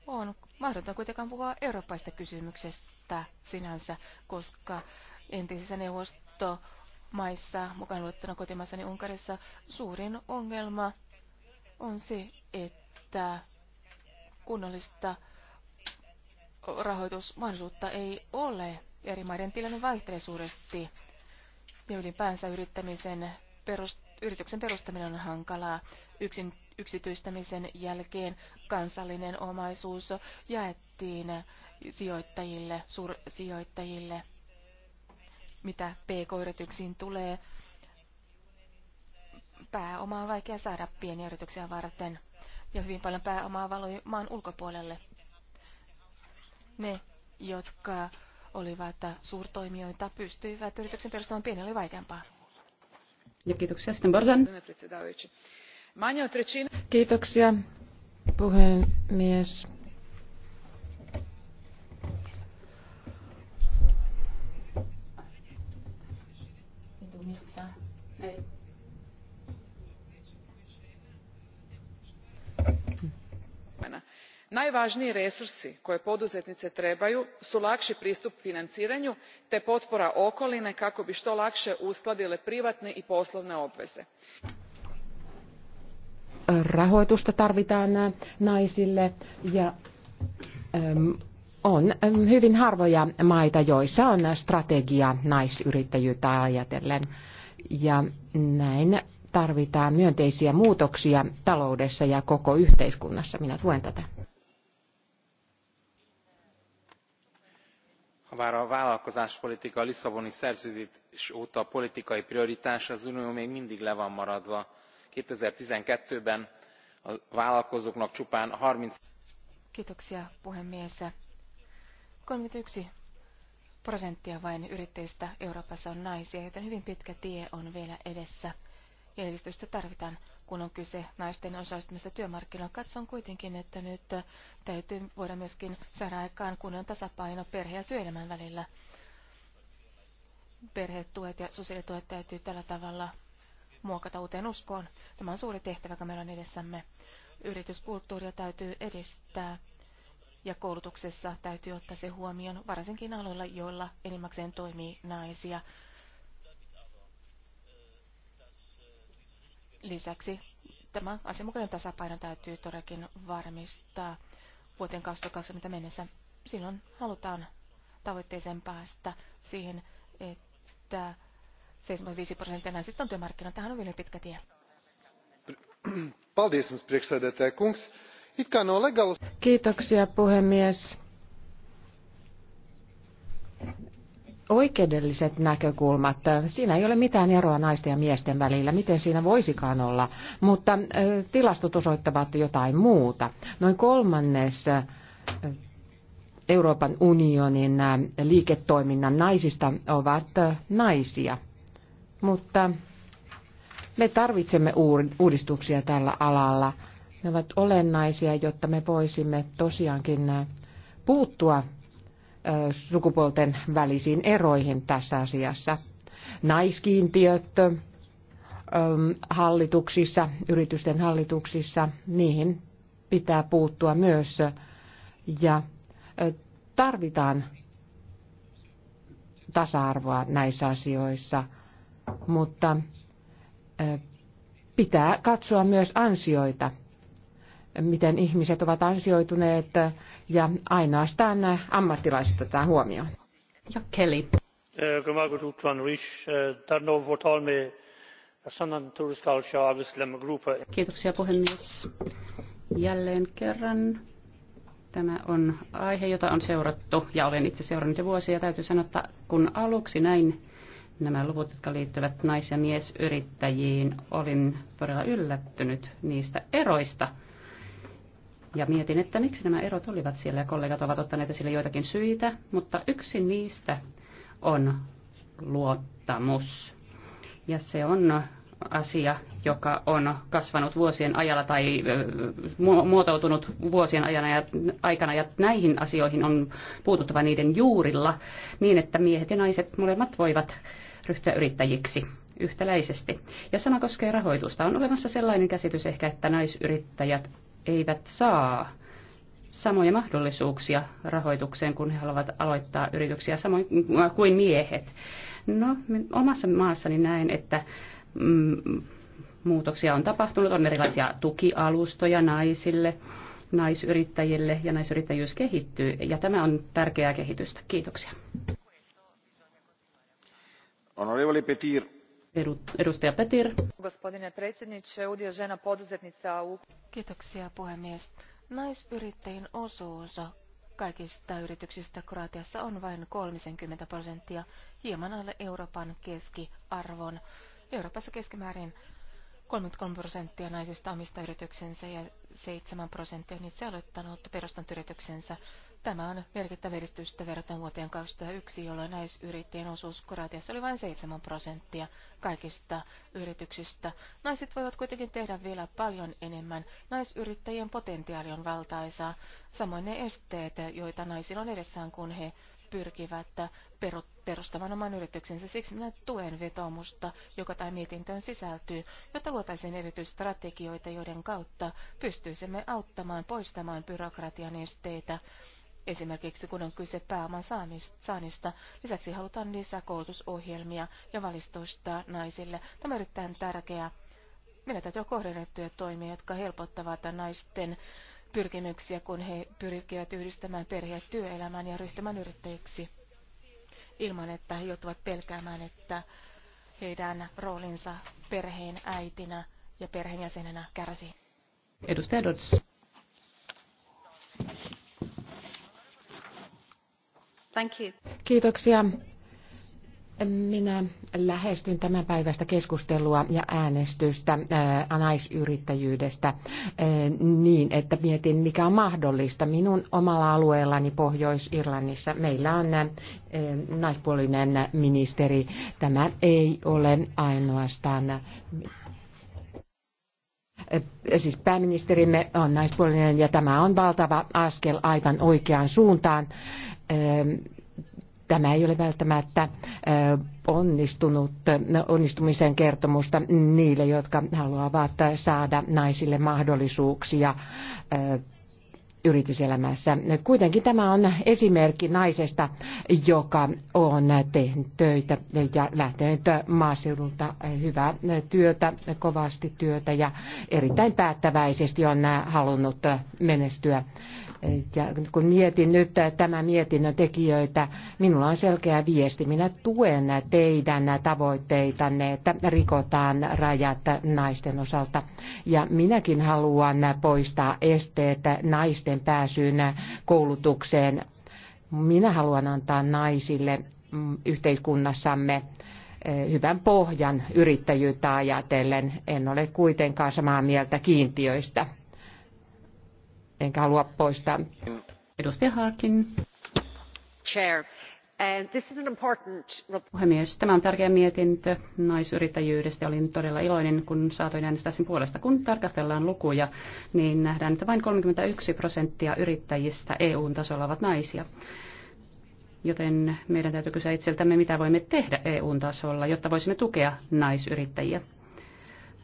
on mahdotonta kuitenkaan puhua eurooppaista kysymyksestä sinänsä, koska entisessä neuvosto maissa, mukaan luettuna kotimaassani Unkarissa, suurin ongelma on se, että kunnollista rahoitusmahdollisuutta ei ole. Eri maiden tilanne vaihtelee suuresti ja ylipäänsä yrittämisen perust, yrityksen perustaminen on hankalaa. Yksin, yksityistämisen jälkeen kansallinen omaisuus jaettiin sijoittajille, suursijoittajille mitä PK-yrityksiin tulee. Pääoma on vaikea saada pieniä yrityksiä varten ja hyvin paljon pääomaa valoi maan ulkopuolelle. Ne, jotka olivat suurtoimijoita, pystyivät yrityksen perustamaan pienelle oli vaikeampaa. Ja kiitoksia sitten Borsan. Kiitoksia puhemies. Ei. najvaniji resursi koje poduzetnice trebaju su laki pristup financiranju te potpora okoline kako bi to lake uskladile privatne i poslovne obveze. rahoitusta tarvitaan naisille ja on hyvin harvoja maita joissa on strategia naisyrittäjyyttä ajatellen ja näin tarvitaan myönteisiä muutoksia taloudessa ja koko yhteiskunnassa. Minä tuen tätä. habár a vállalkozáspolitika a lisszaboni szerződés óta politikai prioritás az unió még mindig le van maradva. two thousand and twelve ben a vállalkozóknak csupán thirty. kiitoksia puhemies kolmekymmentäyksi prosenttia vain yrittäjistä Euroopassa on naisia, joten hyvin pitkä tie on vielä edessä. Ja edistystä tarvitaan, kun on kyse naisten osallistumista työmarkkinoilla. Katson kuitenkin, että nyt täytyy voida myöskin saada aikaan kunnon tasapaino perhe- ja työelämän välillä. Perhetuet ja sosiaalituet täytyy tällä tavalla muokata uuteen uskoon. Tämä on suuri tehtävä, joka meillä on edessämme. Yrityskulttuuria täytyy edistää ja koulutuksessa täytyy ottaa se huomioon, varsinkin aloilla, joilla enimmäkseen toimii naisia. Lisäksi tämä asianmukainen tasapaino täytyy todellakin varmistaa vuoteen 2020 mennessä. Silloin halutaan tavoitteeseen päästä siihen, että 75 prosenttia naisista on työmarkkinoilla. Tähän on vielä pitkä tie. Paldies, priekšsēdētāja kungs. No Kiitoksia puhemies. Oikeudelliset näkökulmat. Siinä ei ole mitään eroa naisten ja miesten välillä, miten siinä voisikaan olla, mutta tilastot osoittavat jotain muuta. Noin kolmannes Euroopan unionin liiketoiminnan naisista ovat naisia, mutta me tarvitsemme uudistuksia tällä alalla ne ovat olennaisia, jotta me voisimme tosiaankin äh, puuttua äh, sukupuolten välisiin eroihin tässä asiassa. Naiskiintiöt ähm, hallituksissa, yritysten hallituksissa, niihin pitää puuttua myös. Ja äh, tarvitaan tasa-arvoa näissä asioissa, mutta pitää katsoa myös ansioita miten ihmiset ovat ansioituneet ja ainoastaan ammattilaiset otetaan huomioon. Ja Kelly. Kiitoksia puhemies. Jälleen kerran Tämä on aihe, jota on seurattu ja olen itse seurannut jo vuosia. Täytyy sanoa, että kun aluksi näin nämä luvut, jotka liittyvät nais- ja miesyrittäjiin, olin todella yllättynyt niistä eroista, ja mietin, että miksi nämä erot olivat siellä. Ja kollegat ovat ottaneet esille joitakin syitä, mutta yksi niistä on luottamus. Ja se on asia, joka on kasvanut vuosien ajalla tai muotoutunut vuosien ajana ja aikana. Ja näihin asioihin on puututtava niiden juurilla niin, että miehet ja naiset molemmat voivat ryhtyä yrittäjiksi yhtäläisesti. Ja sama koskee rahoitusta. On olemassa sellainen käsitys ehkä, että naisyrittäjät eivät saa samoja mahdollisuuksia rahoitukseen, kun he haluavat aloittaa yrityksiä, samoin kuin miehet. No, omassa maassani näen, että mm, muutoksia on tapahtunut. On erilaisia tukialustoja naisille, naisyrittäjille ja naisyrittäjyys kehittyy. Ja tämä on tärkeää kehitystä. Kiitoksia. Honorevoli Petir, Gospodine predsjednie udio ena poduzetnica u... Kiitoksia puhemies. Naisyrittäjien osuus kaikista yrityksistä Kroatiassa on vain 30 prosenttia, hieman alle Euroopan keskiarvon. Euroopassa keskimäärin 33 prosenttia naisista omista yrityksensä ja 7 prosenttia on itse aloittanut perustanut yrityksensä. Tämä on merkittävä edistystä verrattuna vuoteen 2001, jolloin naisyrittäjien osuus Kroatiassa oli vain 7 prosenttia kaikista yrityksistä. Naiset voivat kuitenkin tehdä vielä paljon enemmän. Naisyrittäjien potentiaali on valtaisaa. Samoin ne esteet, joita naisilla on edessään, kun he pyrkivät perustamaan oman yrityksensä. Siksi minä tuen vetomusta, joka tai mietintöön sisältyy, jotta luotaisiin erityisstrategioita, joiden kautta pystyisimme auttamaan poistamaan byrokratian esteitä esimerkiksi kun on kyse pääoman saannista. Lisäksi halutaan lisää koulutusohjelmia ja valistusta naisille. Tämä on erittäin tärkeää. Meillä täytyy kohdennettuja toimia, jotka helpottavat naisten pyrkimyksiä, kun he pyrkivät yhdistämään perheet työelämään ja ryhtymään yrittäjiksi ilman, että he joutuvat pelkäämään, että heidän roolinsa perheen äitinä ja perheenjäsenenä kärsii. Edustaja Dodds. Kiitoksia. Minä lähestyn tämän päivästä keskustelua ja äänestystä ää, äh, naisyrittäjyydestä ää, äh, niin, että mietin, mikä on mahdollista. Minun omalla alueellani Pohjois-Irlannissa meillä on ää, äh, naispuolinen ministeri. Tämä ei ole ainoastaan siis pääministerimme on naispuolinen ja tämä on valtava askel aivan oikeaan suuntaan. Ähm, tämä ei ole välttämättä äh, onnistunut, onnistumisen kertomusta niille, jotka haluavat saada naisille mahdollisuuksia äh, yrityselämässä. Kuitenkin tämä on esimerkki naisesta, joka on tehnyt töitä ja lähtenyt maaseudulta hyvää työtä, kovasti työtä ja erittäin päättäväisesti on halunnut menestyä ja kun mietin nyt tämän mietinnön tekijöitä, minulla on selkeä viesti. Minä tuen teidän tavoitteitanne, että rikotaan rajat naisten osalta. Ja minäkin haluan poistaa esteet naisten pääsyyn koulutukseen. Minä haluan antaa naisille mm, yhteiskunnassamme eh, hyvän pohjan yrittäjyyttä ajatellen. En ole kuitenkaan samaa mieltä kiintiöistä enkä halua poistaa. Edustaja Harkin. Chair. This is an important... Puhemies, tämä on tärkeä mietintö naisyrittäjyydestä. Olin todella iloinen, kun saatoin äänestää sen puolesta. Kun tarkastellaan lukuja, niin nähdään, että vain 31 prosenttia yrittäjistä EU-tasolla ovat naisia joten meidän täytyy kysyä itseltämme, mitä voimme tehdä EU-tasolla, jotta voisimme tukea naisyrittäjiä.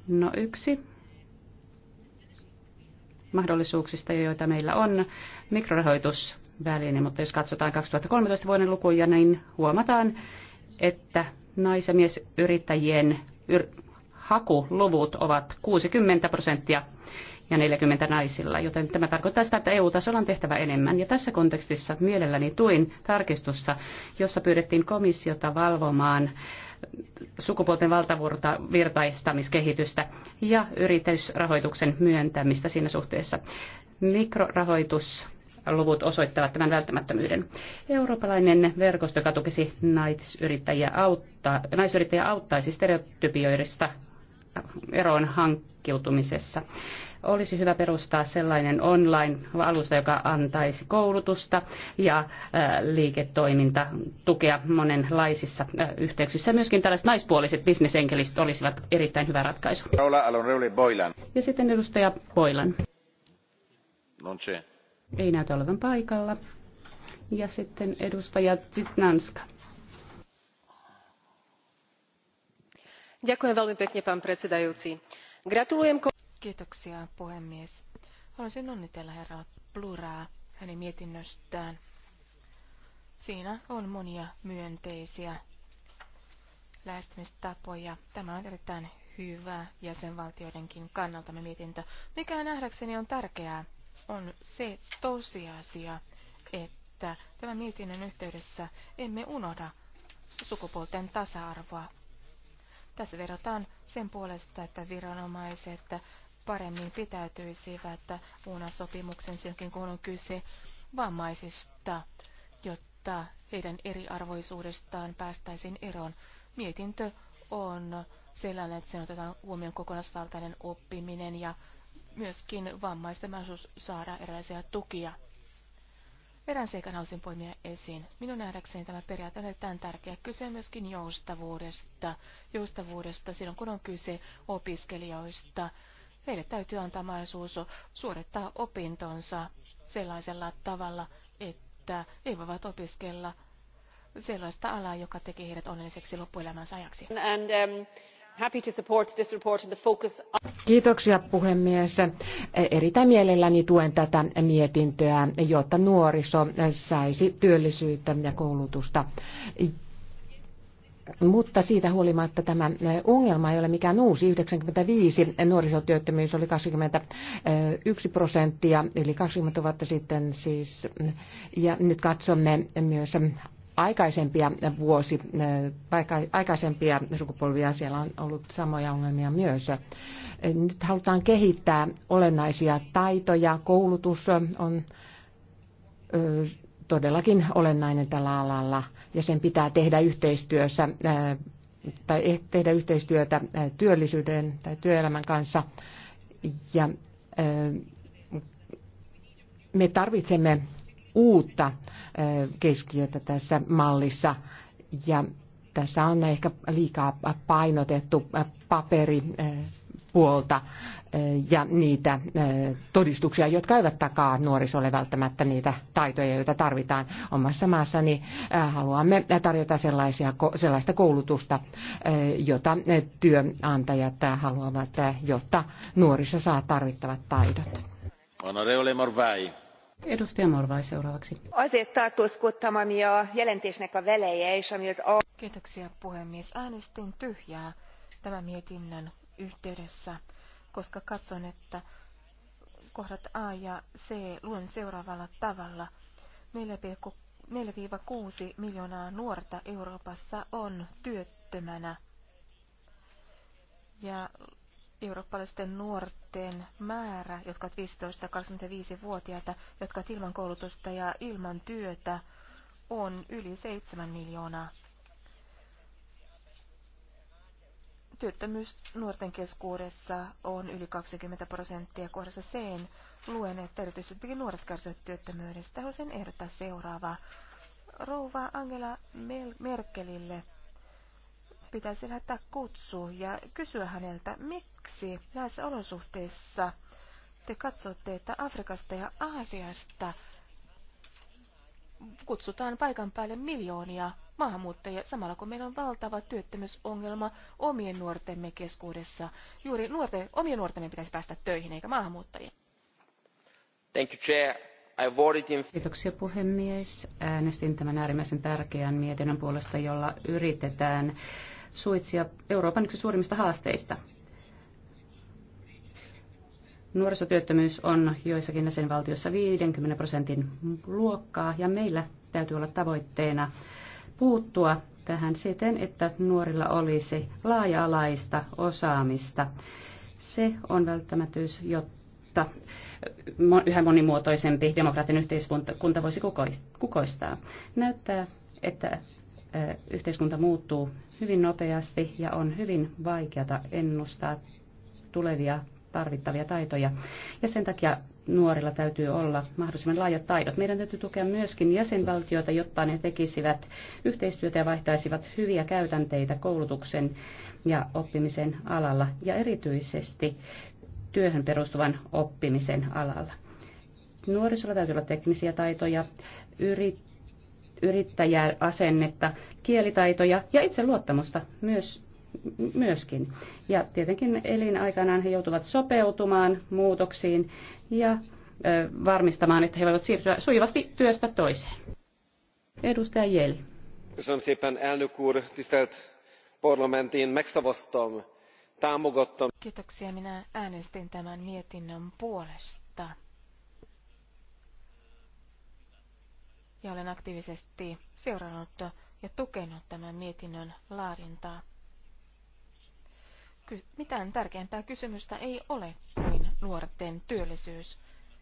No yksi mahdollisuuksista, joita meillä on mikrorahoitusväline, mutta jos katsotaan 2013 vuoden lukuja, niin huomataan, että nais- ja miesyrittäjien yr- hakuluvut ovat 60 prosenttia ja 40 naisilla, joten tämä tarkoittaa sitä, että EU-tasolla on tehtävä enemmän. Ja tässä kontekstissa mielelläni tuin tarkistusta, jossa pyydettiin komissiota valvomaan sukupuolten virtaistamiskehitystä ja yritysrahoituksen myöntämistä siinä suhteessa. Mikrorahoitus luvut osoittavat tämän välttämättömyyden. Eurooppalainen verkosto, joka tukisi naisyrittäjiä auttaa, naisyrittäjiä auttaisi stereotypioidista eroon hankkiutumisessa. Olisi hyvä perustaa sellainen online-alusta, joka antaisi koulutusta ja äh, liiketoiminta tukea monenlaisissa äh, yhteyksissä. Myöskin tällaiset naispuoliset bisnesenkelit olisivat erittäin hyvä ratkaisu. Ja sitten edustaja Boilan. Ei näytä olevan paikalla. Ja sitten edustaja Zitnanska. Ďakujem veľmi pekne, pán predsedajúci. Gratulujem... Kiitoksia, puhemies. Haluaisin onnitella herra Pluraa hänen mietinnöstään. Siinä on monia myönteisiä lähestymistapoja. Tämä on erittäin hyvä jäsenvaltioidenkin kannalta me mietintö. Mikä nähdäkseni on tärkeää, on se tosiasia, että tämän mietinnön yhteydessä emme unohda sukupuolten tasa-arvoa. Tässä verrataan sen puolesta, että viranomaiset paremmin pitäytyisivät UNA-sopimuksen silläkin, kun on kyse vammaisista, jotta heidän eriarvoisuudestaan päästäisiin eroon. Mietintö on sellainen, että sen otetaan huomioon kokonaisvaltainen oppiminen ja myöskin vammaisten mahdollisuus saada erilaisia tukia. Erään seikan hausin poimia esiin. Minun nähdäkseni tämä periaate on erittäin tärkeä. Kyse on myöskin joustavuudesta. Joustavuudesta silloin, kun on kyse opiskelijoista heille täytyy antaa mahdollisuus suorittaa opintonsa sellaisella tavalla, että he voivat opiskella sellaista alaa, joka teki heidät onnelliseksi loppuelämänsä ajaksi. And, um... Kiitoksia puhemies. E, erittäin mielelläni tuen tätä mietintöä, jotta nuoriso saisi työllisyyttä ja koulutusta mutta siitä huolimatta tämä ongelma ei ole mikään uusi. 95 nuorisotyöttömyys oli 21 prosenttia yli 20 vuotta sitten siis. Ja nyt katsomme myös aikaisempia vuosi, aikaisempia sukupolvia siellä on ollut samoja ongelmia myös. Nyt halutaan kehittää olennaisia taitoja. Koulutus on todellakin olennainen tällä alalla – ja sen pitää tehdä yhteistyössä tai eh, tehdä yhteistyötä työllisyyden tai työelämän kanssa. Ja me tarvitsemme uutta keskiötä tässä mallissa ja tässä on ehkä liikaa painotettu paperipuolta ja niitä todistuksia, jotka eivät takaa nuorisolle välttämättä niitä taitoja, joita tarvitaan omassa maassani. Haluamme tarjota sellaisia, sellaista koulutusta, jota työnantajat haluavat, jotta nuoriso saa tarvittavat taidot. Honorevole Morvai. Edustaja Morvai seuraavaksi. Kiitoksia puhemies. Äänestin tyhjää tämän mietinnön yhteydessä koska katson, että kohdat A ja C luen seuraavalla tavalla. 4,6 miljoonaa nuorta Euroopassa on työttömänä. Ja eurooppalaisten nuorten määrä, jotka ovat 15-25-vuotiaita, jotka ovat ilman koulutusta ja ilman työtä, on yli 7 miljoonaa. Työttömyys nuorten keskuudessa on yli 20 prosenttia kohdassa C. Luen, että erityisesti nuoret kärsivät työttömyydestä. Haluaisin ehdottaa seuraavaa. Rouva Angela Merkelille pitäisi lähettää kutsu ja kysyä häneltä, miksi näissä olosuhteissa te katsotte, että Afrikasta ja Aasiasta kutsutaan paikan päälle miljoonia maahanmuuttajia samalla kun meillä on valtava työttömyysongelma omien nuortemme keskuudessa. Juuri nuorten, omien nuortemme pitäisi päästä töihin eikä maahanmuuttajia. Thank you, Chair. Kiitoksia puhemies. Äänestin tämän äärimmäisen tärkeän mietinnön puolesta, jolla yritetään suitsia Euroopan yksi suurimmista haasteista, Nuorisotyöttömyys on joissakin jäsenvaltioissa 50 prosentin luokkaa ja meillä täytyy olla tavoitteena puuttua tähän siten, että nuorilla olisi laaja-alaista osaamista. Se on välttämättömyys, jotta yhä monimuotoisempi demokraattinen yhteiskunta voisi kukoistaa. Näyttää, että yhteiskunta muuttuu hyvin nopeasti ja on hyvin vaikeata ennustaa tulevia tarvittavia taitoja. Ja sen takia nuorilla täytyy olla mahdollisimman laajat taidot. Meidän täytyy tukea myöskin jäsenvaltioita, jotta ne tekisivät yhteistyötä ja vaihtaisivat hyviä käytänteitä koulutuksen ja oppimisen alalla ja erityisesti työhön perustuvan oppimisen alalla. Nuorisolla täytyy olla teknisiä taitoja, yrittäjäasennetta, kielitaitoja ja itseluottamusta myös myöskin. Ja tietenkin elinaikanaan he joutuvat sopeutumaan muutoksiin ja varmistamaan, että he voivat siirtyä sujuvasti työstä toiseen. Edustaja Jel. Köszönöm szépen, elnök úr, tisztelt parlamentin, megszavaztam, támogattam. Kiitoksia, minä äänestin tämän mietinnön puolesta. Ja olen aktiivisesti seurannut ja tukenut tämän mietinnön laadintaa mitään tärkeämpää kysymystä ei ole kuin nuorten työllisyys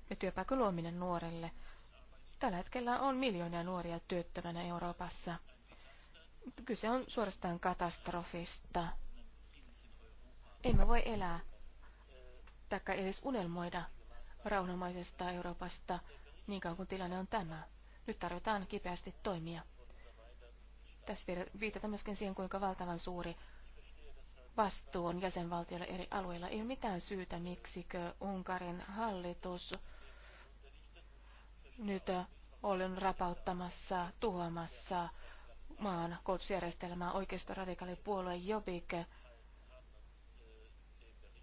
ja työpaikan luominen nuorelle. Tällä hetkellä on miljoonia nuoria työttömänä Euroopassa. Kyse on suorastaan katastrofista. Emme voi elää taikka edes unelmoida rauhanomaisesta Euroopasta niin kauan kuin tilanne on tämä. Nyt tarvitaan kipeästi toimia. Tässä viitataan myöskin siihen, kuinka valtavan suuri vastuun jäsenvaltioille eri alueilla. Ei ole mitään syytä, miksikö Unkarin hallitus nyt olen rapauttamassa, tuhoamassa maan koulutusjärjestelmää oikeistoradikaalipuolue Jobik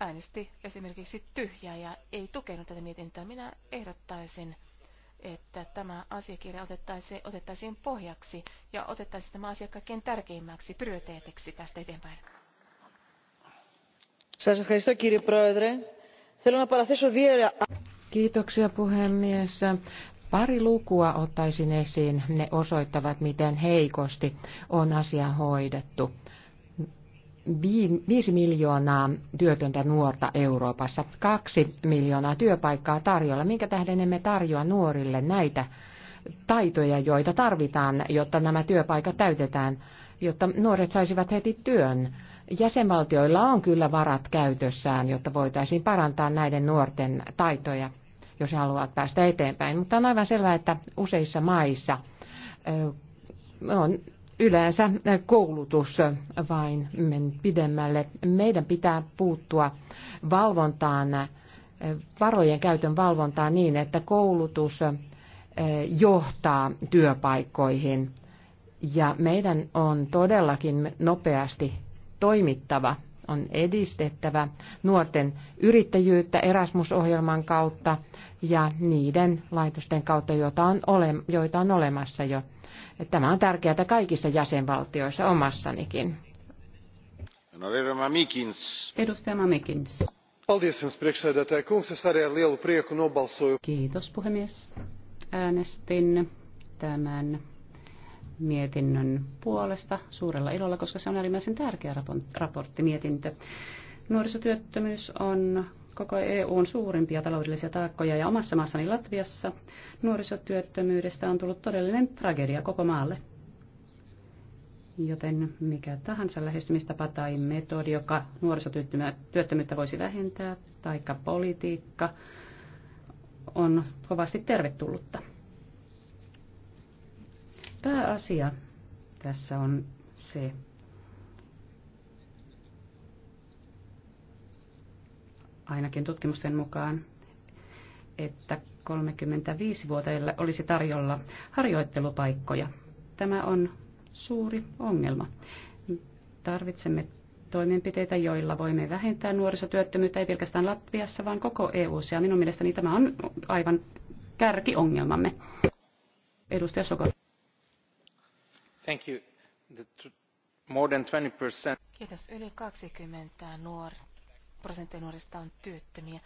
äänesti esimerkiksi tyhjää ja ei tukenut tätä mietintöä. Minä ehdottaisin, että tämä asiakirja otettaisi, otettaisiin pohjaksi ja otettaisiin tämä asia kaikkein tärkeimmäksi prioriteetiksi tästä eteenpäin. Kiitoksia puhemies. Pari lukua ottaisin esiin. Ne osoittavat, miten heikosti on asia hoidettu. Viisi miljoonaa työtöntä nuorta Euroopassa, kaksi miljoonaa työpaikkaa tarjolla. Minkä tähden emme tarjoa nuorille näitä taitoja, joita tarvitaan, jotta nämä työpaikat täytetään, jotta nuoret saisivat heti työn? jäsenvaltioilla on kyllä varat käytössään, jotta voitaisiin parantaa näiden nuorten taitoja, jos he haluavat päästä eteenpäin. Mutta on aivan selvää, että useissa maissa on yleensä koulutus vain pidemmälle. Meidän pitää puuttua valvontaan, varojen käytön valvontaan niin, että koulutus johtaa työpaikkoihin. Ja meidän on todellakin nopeasti toimittava, on edistettävä nuorten yrittäjyyttä Erasmus-ohjelman kautta ja niiden laitosten kautta, joita on, ole, joita on olemassa jo. Tämä on tärkeää kaikissa jäsenvaltioissa, omassanikin. Edustaja Mamikins. Kiitos puhemies. Äänestin tämän mietinnön puolesta suurella ilolla, koska se on äärimmäisen tärkeä raporttimietintö. Nuorisotyöttömyys on koko EUn suurimpia taloudellisia taakkoja ja omassa maassani Latviassa nuorisotyöttömyydestä on tullut todellinen tragedia koko maalle. Joten mikä tahansa lähestymistapa tai metodi, joka nuorisotyöttömyyttä voisi vähentää, taikka politiikka, on kovasti tervetullutta. Pääasia tässä on se, ainakin tutkimusten mukaan, että 35-vuotiaille olisi tarjolla harjoittelupaikkoja. Tämä on suuri ongelma. Tarvitsemme toimenpiteitä, joilla voimme vähentää nuorisotyöttömyyttä ei pelkästään Latviassa, vaan koko eu ja minun mielestäni tämä on aivan kärkiongelmamme. Edustaja Sokol. Yli kaksikymmentä prosenttia nuorista on työttömiä.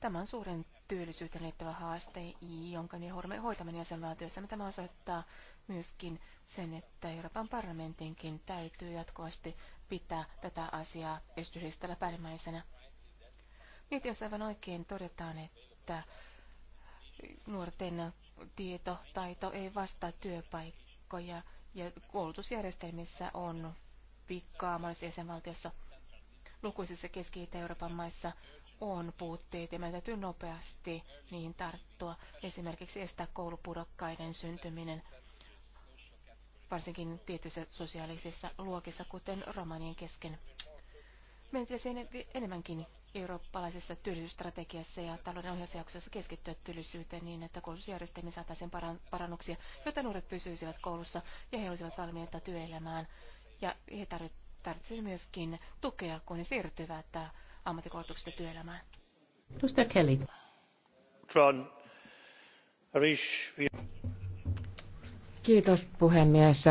Tämä on suurin työllisyyteen liittyvä haaste, jonka me hoidamme hoitaminen jäsenvaltiossa. Tämä osoittaa myöskin sen, että Euroopan parlamentinkin täytyy jatkuvasti pitää tätä asiaa esityslistalla päällimmäisenä. Mietin, jos aivan oikein todetaan, että nuorten tietotaito ei vastaa työpaikkoja ja koulutusjärjestelmissä on pikkaa monessa jäsenvaltiossa. Lukuisissa keski euroopan maissa on puutteita ja meidän täytyy nopeasti niihin tarttua. Esimerkiksi estää koulupudokkaiden syntyminen varsinkin tietyissä sosiaalisissa luokissa, kuten romanien kesken. Meidän pitäisi enemmänkin eurooppalaisessa työllisyysstrategiassa ja talouden ohjausjaksossa keskittyä työllisyyteen niin, että koulutusjärjestelmiin saataisiin parannuksia, jotta nuoret pysyisivät koulussa ja he olisivat valmiita työelämään. Ja he tarvitsevat myöskin tukea, kun he siirtyvät ammattikoulutuksesta työelämään. Mr. Kelly. Kiitos puhemies.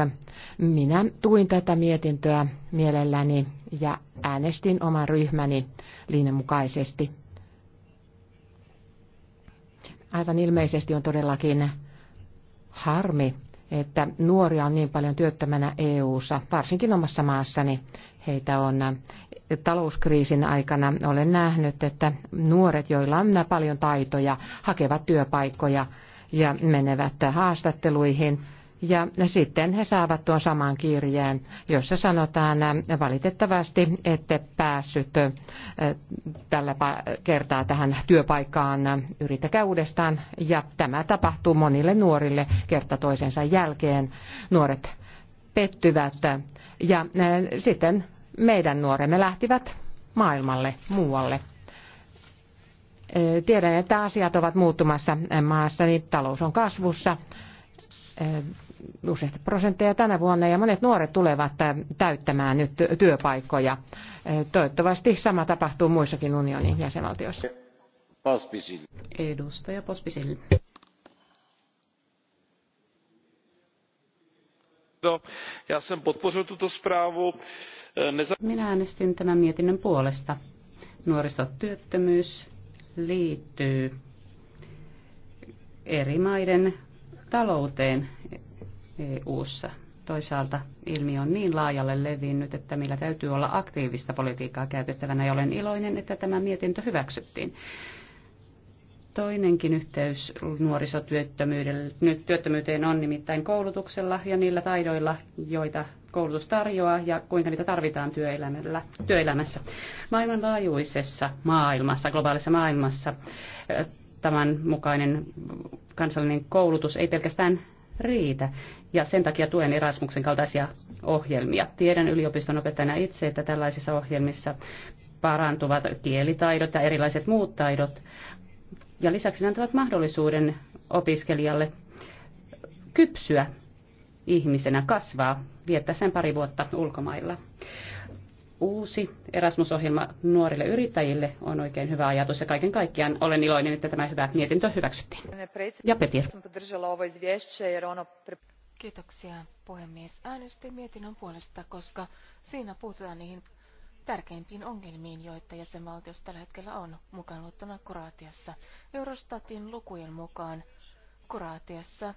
Minä tuin tätä mietintöä mielelläni ja äänestin oman ryhmäni linjan mukaisesti. Aivan ilmeisesti on todellakin harmi, että nuoria on niin paljon työttömänä EU-ssa, varsinkin omassa maassani. Heitä on talouskriisin aikana olen nähnyt, että nuoret, joilla on paljon taitoja, hakevat työpaikkoja ja menevät haastatteluihin ja sitten he saavat tuon saman kirjeen, jossa sanotaan äh, valitettavasti, ette päässyt äh, tällä kertaa tähän työpaikkaan, äh, yritäkää uudestaan. Ja tämä tapahtuu monille nuorille kerta toisensa jälkeen. Nuoret pettyvät ja sitten meidän nuoremme lähtivät maailmalle muualle. Tiedän, että asiat ovat muuttumassa maassani, niin talous on kasvussa useita prosentteja tänä vuonna ja monet nuoret tulevat täyttämään nyt työpaikkoja. Toivottavasti sama tapahtuu muissakin unionin jäsenvaltioissa. Edustaja Pospisil. E, Minä äänestin tämän mietinnön puolesta. Nuoristotyöttömyys liittyy eri maiden talouteen EU-ssa. Toisaalta ilmiö on niin laajalle levinnyt, että meillä täytyy olla aktiivista politiikkaa käytettävänä ja olen iloinen, että tämä mietintö hyväksyttiin. Toinenkin yhteys nuorisotyöttömyyteen on nimittäin koulutuksella ja niillä taidoilla, joita koulutus tarjoaa ja kuinka niitä tarvitaan työelämällä, työelämässä. Maailmanlaajuisessa maailmassa, globaalissa maailmassa tämän mukainen kansallinen koulutus ei pelkästään riitä. Ja sen takia tuen Erasmuksen kaltaisia ohjelmia. Tiedän yliopiston opettajana itse, että tällaisissa ohjelmissa parantuvat kielitaidot ja erilaiset muut taidot. Ja lisäksi ne antavat mahdollisuuden opiskelijalle kypsyä ihmisenä, kasvaa, viettää sen pari vuotta ulkomailla uusi Erasmus-ohjelma nuorille yrittäjille on oikein hyvä ajatus ja kaiken kaikkiaan olen iloinen, että tämä hyvä mietintö hyväksyttiin. Ja Petir. Kiitoksia puhemies. Äänestin mietinnön puolesta, koska siinä puhutaan niihin tärkeimpiin ongelmiin, joita jäsenvaltiossa tällä hetkellä on, mukana Kroatiassa. Eurostatin lukujen mukaan Kroatiassa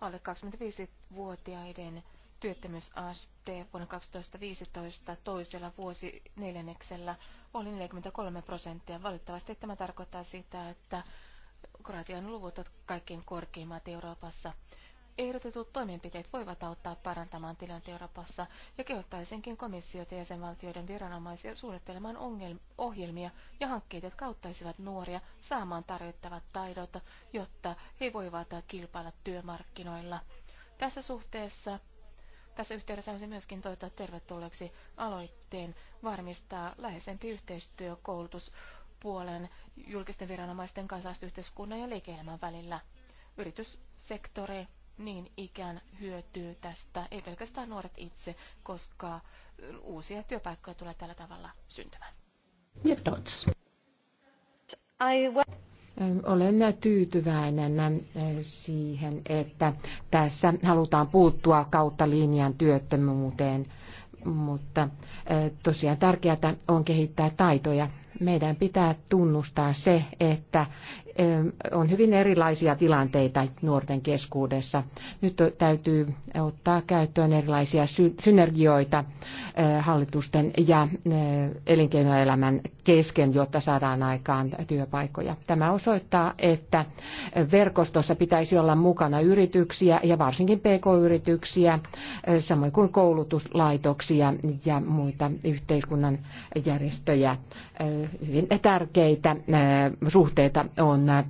alle 25-vuotiaiden työttömyysaste vuonna 2015 toisella vuosi neljänneksellä oli 43 prosenttia. Valitettavasti tämä tarkoittaa sitä, että Kroatian luvut ovat kaikkein korkeimmat Euroopassa. Ehdotetut toimenpiteet voivat auttaa parantamaan tilanteen Euroopassa ja kehottaisinkin komissiota ja jäsenvaltioiden viranomaisia suunnittelemaan ohjelmia ja hankkeita, jotka auttaisivat nuoria saamaan tarjottavat taidot, jotta he voivat kilpailla työmarkkinoilla. Tässä suhteessa tässä yhteydessä haluaisin myöskin toivottaa tervetulleeksi aloitteen varmistaa läheisempi yhteistyö koulutuspuolen julkisten viranomaisten kansalaisyhteiskunnan ja liike-elämän välillä. Yrityssektori niin ikään hyötyy tästä, ei pelkästään nuoret itse, koska uusia työpaikkoja tulee tällä tavalla syntymään. I... Olen tyytyväinen äh, siihen, että tässä halutaan puuttua kautta linjan työttömyyteen, mutta äh, tosiaan tärkeää on kehittää taitoja meidän pitää tunnustaa se, että on hyvin erilaisia tilanteita nuorten keskuudessa. Nyt täytyy ottaa käyttöön erilaisia synergioita hallitusten ja elinkeinoelämän kesken, jotta saadaan aikaan työpaikkoja. Tämä osoittaa, että verkostossa pitäisi olla mukana yrityksiä ja varsinkin pk-yrityksiä, samoin kuin koulutuslaitoksia ja muita yhteiskunnan järjestöjä hyvin tärkeitä äh, suhteita on äh,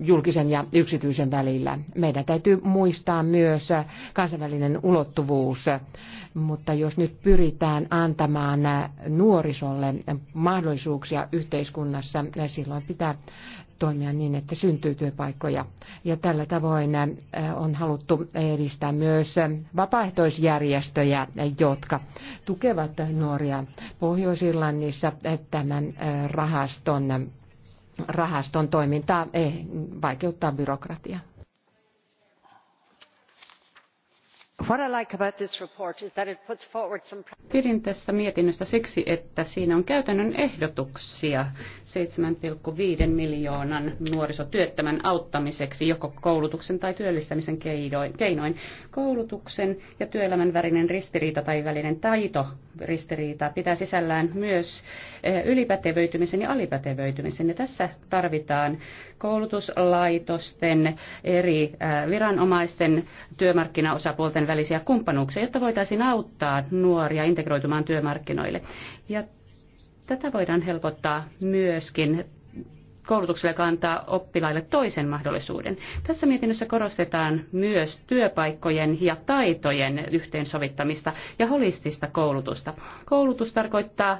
julkisen ja yksityisen välillä. Meidän täytyy muistaa myös äh, kansainvälinen ulottuvuus, mutta jos nyt pyritään antamaan nuorisolle mahdollisuuksia yhteiskunnassa, silloin pitää toimia niin, että syntyy työpaikkoja. Ja tällä tavoin äh, on haluttu edistää myös vapaaehtoisjärjestöjä, jotka tukevat nuoria Pohjois-Irlannissa tämän äh, rahaston, rahaston toimintaa, eh, vaikeuttaa byrokratiaa. Pidin tästä mietinnöstä siksi, että siinä on käytännön ehdotuksia seitsemän 7,5 miljoonan nuorisotyöttömän auttamiseksi joko koulutuksen tai työllistämisen keinoin. Koulutuksen ja työelämän välinen ristiriita tai välinen taito ristiriita pitää sisällään myös eh, ylipätevöitymisen ja alipätevöitymisen. Ja tässä tarvitaan koulutuslaitosten, eri äh, viranomaisten, työmarkkinaosapuolten välisiä kumppanuuksia, jotta voitaisiin auttaa nuoria integroitumaan työmarkkinoille. Ja tätä voidaan helpottaa myöskin koulutukselle kantaa oppilaille toisen mahdollisuuden. Tässä mietinnössä korostetaan myös työpaikkojen ja taitojen yhteensovittamista ja holistista koulutusta. Koulutus tarkoittaa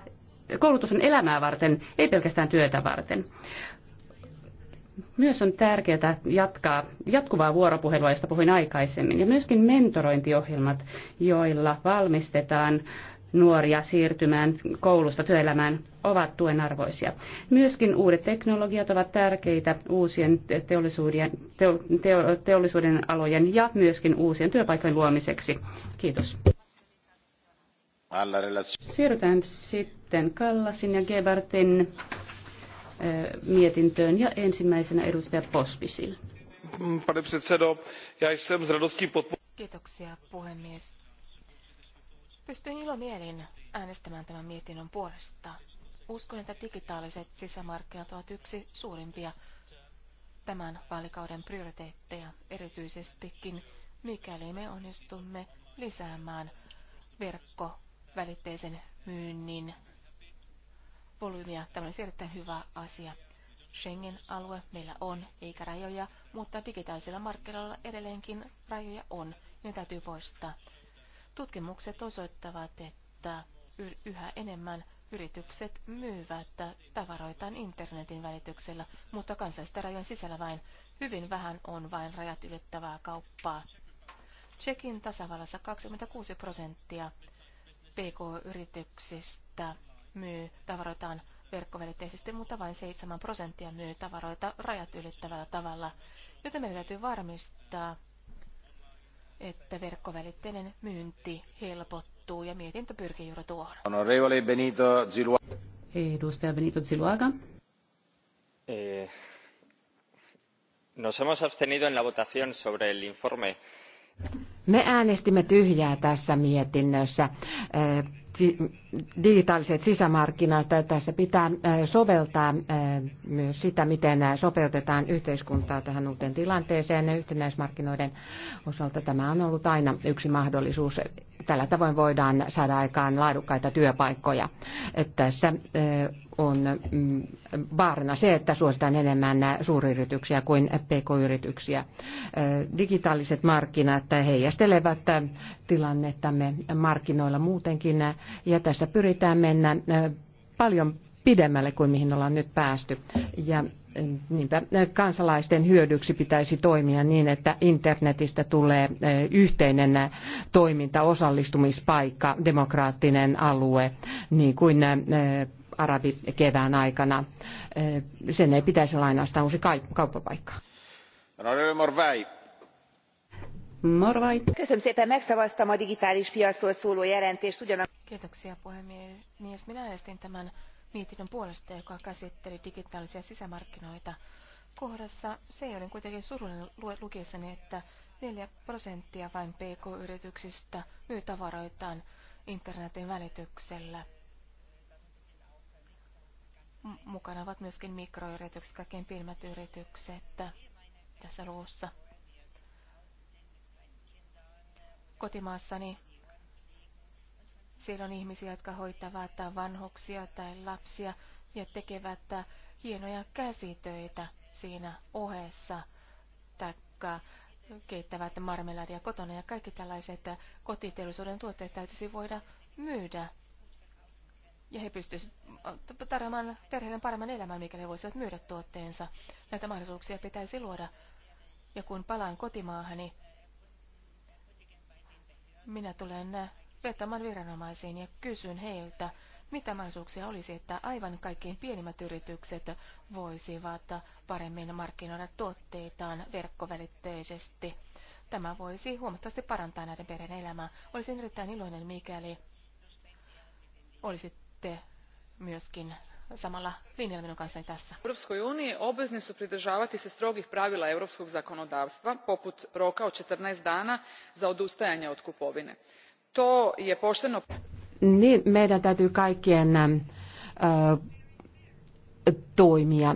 Koulutus on elämää varten, ei pelkästään työtä varten. Myös on tärkeää jatkaa jatkuvaa vuoropuhelua, josta puhuin aikaisemmin, ja myöskin mentorointiohjelmat, joilla valmistetaan nuoria siirtymään koulusta työelämään ovat tuen arvoisia. Myöskin uudet teknologiat ovat tärkeitä uusien teollisuuden, teollisuuden alojen ja myöskin uusien työpaikojen luomiseksi. Kiitos. Siirrytään sitten Kallasin ja Gebertin mietintöön ja ensimmäisenä edustaja Pospisil. Pane předsedo, já jsem s radostí Kiitoksia puhemies. Pystyin ilomielin äänestämään tämän mietinnön puolesta. Uskon, että digitaaliset sisämarkkinat ovat yksi suurimpia tämän vaalikauden prioriteetteja, erityisestikin mikäli me onnistumme lisäämään verkkovälitteisen myynnin volyymia. Tämä olisi erittäin hyvä asia. Schengen-alue meillä on, eikä rajoja, mutta digitaalisilla markkinoilla edelleenkin rajoja on. Ne täytyy poistaa. Tutkimukset osoittavat, että yhä enemmän yritykset myyvät tavaroitaan internetin välityksellä, mutta kansallisten rajojen sisällä vain hyvin vähän on vain rajat ylittävää kauppaa. Tsekin tasavallassa 26 prosenttia PK-yrityksistä myy tavaroitaan verkkovälitteisesti, mutta vain 7 prosenttia myy tavaroita rajat ylittävällä tavalla, joten meidän täytyy varmistaa, että verkkovälitteinen myynti helpottuu ja mietintö pyrkii juuri tuohon. Onorevole Benito Ziluaga. Edustaja Benito Ziluaga. Eh, nos hemos abstenido en la votación sobre el informe. Me äänestimme tyhjää tässä mietinnössä. Eh, digitaaliset sisämarkkinat. Tässä pitää äh, soveltaa äh, myös sitä, miten äh, sopeutetaan yhteiskuntaa tähän uuteen tilanteeseen. Yhtenäismarkkinoiden osalta tämä on ollut aina yksi mahdollisuus. Tällä tavoin voidaan saada aikaan laadukkaita työpaikkoja. Tässä on mm, vaarana se, että suositaan enemmän suuryrityksiä kuin pk-yrityksiä. Digitaaliset markkinat heijastelevat tilannettamme markkinoilla muutenkin, ja tässä pyritään mennä paljon pidemmälle kuin mihin ollaan nyt päästy. Ja niinpä kansalaisten hyödyksi pitäisi toimia niin, että internetistä tulee yhteinen toiminta, osallistumispaikka, demokraattinen alue, niin kuin arabikevään aikana. Eh, sen ei pitäisi olla ainoastaan uusi kauppapaikka. Morvai. Morvai. Köszönöm Kiitoksia puhemies. Minä äänestin tämän mietinnön puolesta, joka käsitteli digitaalisia sisämarkkinoita. Kohdassa se oli kuitenkin surullinen lukiessani, että 4 prosenttia vain PK-yrityksistä myy tavaroitaan internetin välityksellä. Mukana ovat myöskin mikroyritykset, kaikkein pienimmät yritykset tässä luussa. Kotimaassani siellä on ihmisiä, jotka hoitavat vanhuksia tai lapsia ja tekevät hienoja käsitöitä siinä ohessa, taikka keittävät marmeladia kotona ja kaikki tällaiset kotiteollisuuden tuotteet täytyisi voida myydä ja he pystyisivät äh, tarjoamaan perheiden paremman elämän, mikä he voisivat myydä tuotteensa. Näitä mahdollisuuksia pitäisi luoda. Ja kun palaan kotimaahani, minä tulen äh, vetämään viranomaisiin ja kysyn heiltä, mitä mahdollisuuksia olisi, että aivan kaikkein pienimmät yritykset voisivat äh, paremmin markkinoida tuotteitaan verkkovälitteisesti. Tämä voisi huomattavasti parantaa näiden perheen elämää. Olisin erittäin iloinen, mikäli Olisit? olette myöskin samalla linjalla minun kanssani tässä. europskoj uniji obvezni su pridržavati se strogih pravila europskog zakonodavstva poput roka od četrnaest dana za odustajanje od kupovine. to je pošteno. Niin, meidän täytyy kaikkien äh, toimia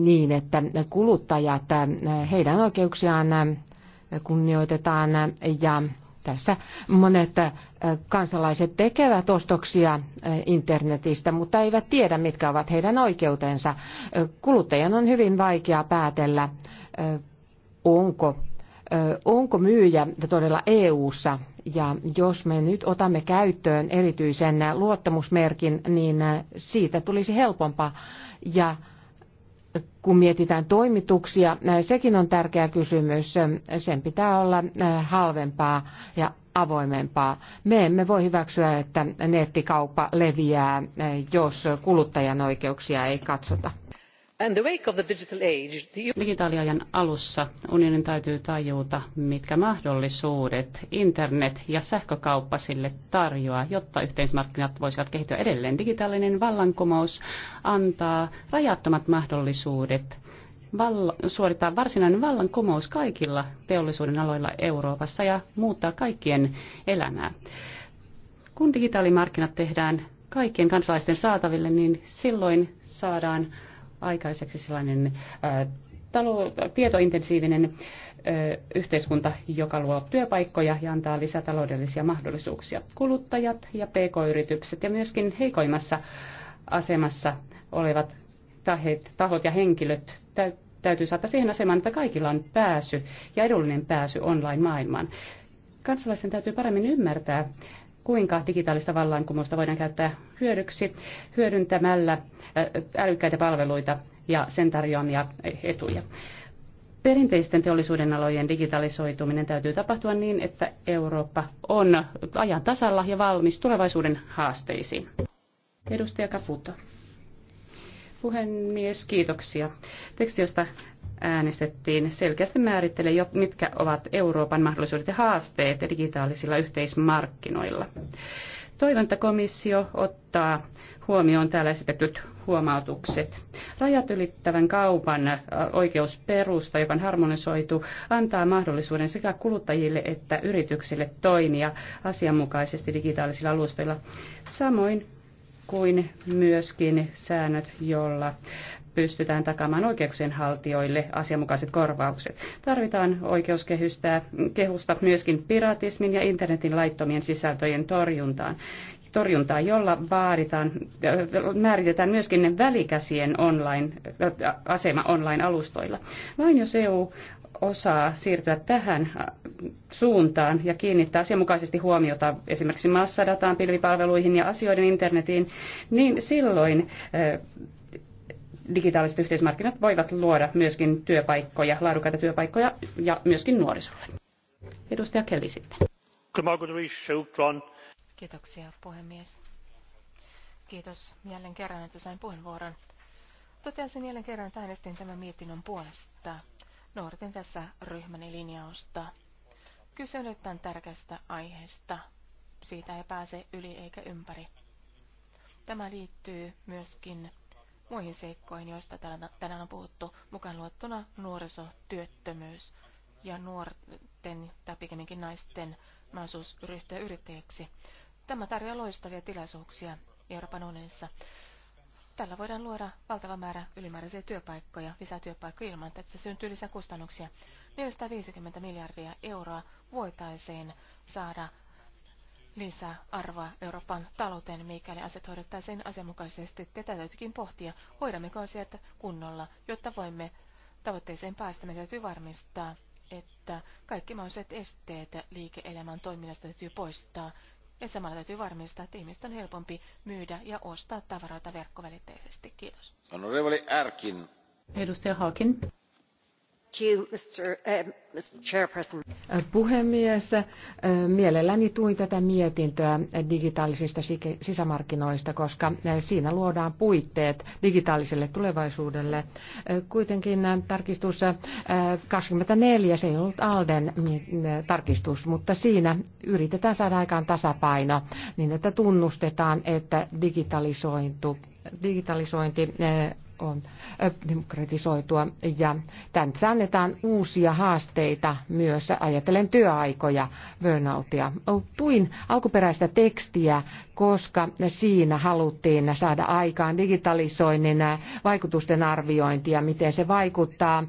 niin, että kuluttajat, heidän oikeuksiaan kunnioitetaan ja tässä monet äh, kansalaiset tekevät ostoksia äh, internetistä, mutta eivät tiedä, mitkä ovat heidän oikeutensa. Äh, kuluttajan on hyvin vaikea päätellä, onko, onko myyjä todella EU-ssa. Ja jos me nyt otamme käyttöön erityisen luottamusmerkin, niin siitä tulisi helpompaa. Ja kun mietitään toimituksia, sekin on tärkeä kysymys. Sen pitää olla halvempaa ja avoimempaa. Me emme voi hyväksyä, että nettikauppa leviää, jos kuluttajan oikeuksia ei katsota. Digitaaliajan alussa unionin täytyy tajuta, mitkä mahdollisuudet internet ja sähkökauppa sille tarjoaa, jotta yhteismarkkinat voisivat kehittyä edelleen. Digitaalinen vallankumous antaa rajattomat mahdollisuudet suorittaa varsinainen vallankumous kaikilla teollisuuden aloilla Euroopassa ja muuttaa kaikkien elämää. Kun digitaalimarkkinat tehdään kaikkien kansalaisten saataville, niin silloin saadaan aikaiseksi sellainen ää, talo, tietointensiivinen yhteiskunta, joka luo työpaikkoja ja antaa lisätaloudellisia mahdollisuuksia. Kuluttajat ja pk-yritykset ja myöskin heikoimmassa asemassa olevat tahet, tahot ja henkilöt täytyy saada siihen asemaan, että kaikilla on pääsy ja edullinen pääsy online-maailmaan. Kansalaisten täytyy paremmin ymmärtää kuinka digitaalista vallankumousta voidaan käyttää hyödyksi hyödyntämällä äh, älykkäitä palveluita ja sen tarjoamia etuja. Perinteisten teollisuuden alojen digitalisoituminen täytyy tapahtua niin, että Eurooppa on ajan tasalla ja valmis tulevaisuuden haasteisiin. Edustaja Caputo. Puhemies, kiitoksia. Teksti, josta äänestettiin, selkeästi määrittelee, mitkä ovat Euroopan mahdollisuudet ja haasteet digitaalisilla yhteismarkkinoilla. Toivon, että komissio ottaa huomioon täällä esitetyt huomautukset. Rajat ylittävän kaupan oikeusperusta, joka on harmonisoitu, antaa mahdollisuuden sekä kuluttajille että yrityksille toimia asianmukaisesti digitaalisilla alustoilla, samoin kuin myöskin säännöt, jolla pystytään takaamaan oikeuksien haltijoille asianmukaiset korvaukset. Tarvitaan oikeuskehystä kehusta myöskin piratismin ja internetin laittomien sisältöjen torjuntaan torjuntaa, jolla vaaditaan, äh, määritetään myöskin ne välikäsien online, äh, asema online-alustoilla. Vain jos EU osaa siirtyä tähän äh, suuntaan ja kiinnittää asianmukaisesti huomiota esimerkiksi massadataan, pilvipalveluihin ja asioiden internetiin, niin silloin digitaaliset yhteismarkkinat voivat luoda myöskin työpaikkoja, laadukkaita työpaikkoja ja myöskin nuorisolle. Edustaja Kelly sitten. Kiitoksia puhemies. Kiitos jälleen kerran, että sain puheenvuoron. Toteasin jälleen kerran, että äänestin tämän mietinnön puolesta. Noudatin tässä ryhmäni linjausta. Kyse on tämän tärkeästä aiheesta. Siitä ei pääse yli eikä ympäri. Tämä liittyy myöskin muihin seikkoihin, joista tänään on puhuttu, mukaan luettuna nuorisotyöttömyys ja nuorten tai pikemminkin naisten mahdollisuus ryhtyä yrittäjäksi. Tämä tarjoaa loistavia tilaisuuksia Euroopan unionissa. Tällä voidaan luoda valtava määrä ylimääräisiä työpaikkoja, lisää työpaikkoja ilman, että syntyy lisää kustannuksia. 450 miljardia euroa voitaisiin saada lisää arvoa Euroopan talouteen, mikäli asiat hoidettaisiin asianmukaisesti. Tätä täytyykin pohtia, hoidammeko asiat kunnolla, jotta voimme tavoitteeseen päästä. Me täytyy varmistaa, että kaikki mahdolliset esteet liike-elämän toiminnasta täytyy poistaa. Ja samalla täytyy varmistaa, että ihmistä on helpompi myydä ja ostaa tavaroita verkkovälitteisesti. Kiitos. Honorevoli Arkin. Edustaja Haakin. Eh, äh, puhemies äh, mielelläni tuin tätä mietintöä digitaalisista sisämarkkinoista koska äh, siinä luodaan puitteet digitaaliselle tulevaisuudelle. kuitenkin tarkistus kaksikymmentäneljä se ei ollut alden mm, tarkistus mutta siinä yritetään saada aikaan tasapaino niin että tunnustetaan että digitalisointi digitalisointi on demokratisoitua ja tässä annetaan uusia haasteita myös, ajatellen työaikoja, burnoutia. Tuin alkuperäistä tekstiä, koska siinä haluttiin saada aikaan digitalisoinnin vaikutusten arviointia, miten se vaikuttaa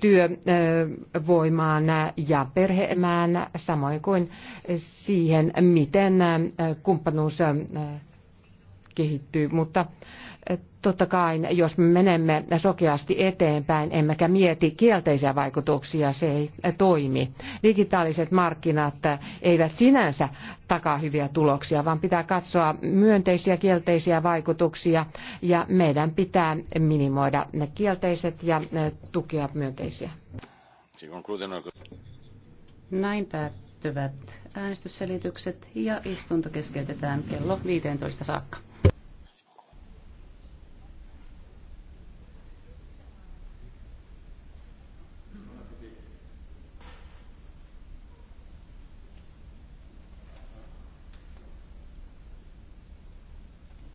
työvoimaan ja perheemään, samoin kuin siihen, miten kumppanuus kehittyy, mutta Totta kai, jos me menemme sokeasti eteenpäin, emmekä mieti kielteisiä vaikutuksia, se ei toimi. Digitaaliset markkinat eivät sinänsä takaa hyviä tuloksia, vaan pitää katsoa myönteisiä kielteisiä vaikutuksia ja meidän pitää minimoida ne kielteiset ja tukea myönteisiä. Näin päättyvät äänestysselitykset ja istunto keskeytetään kello 15 saakka.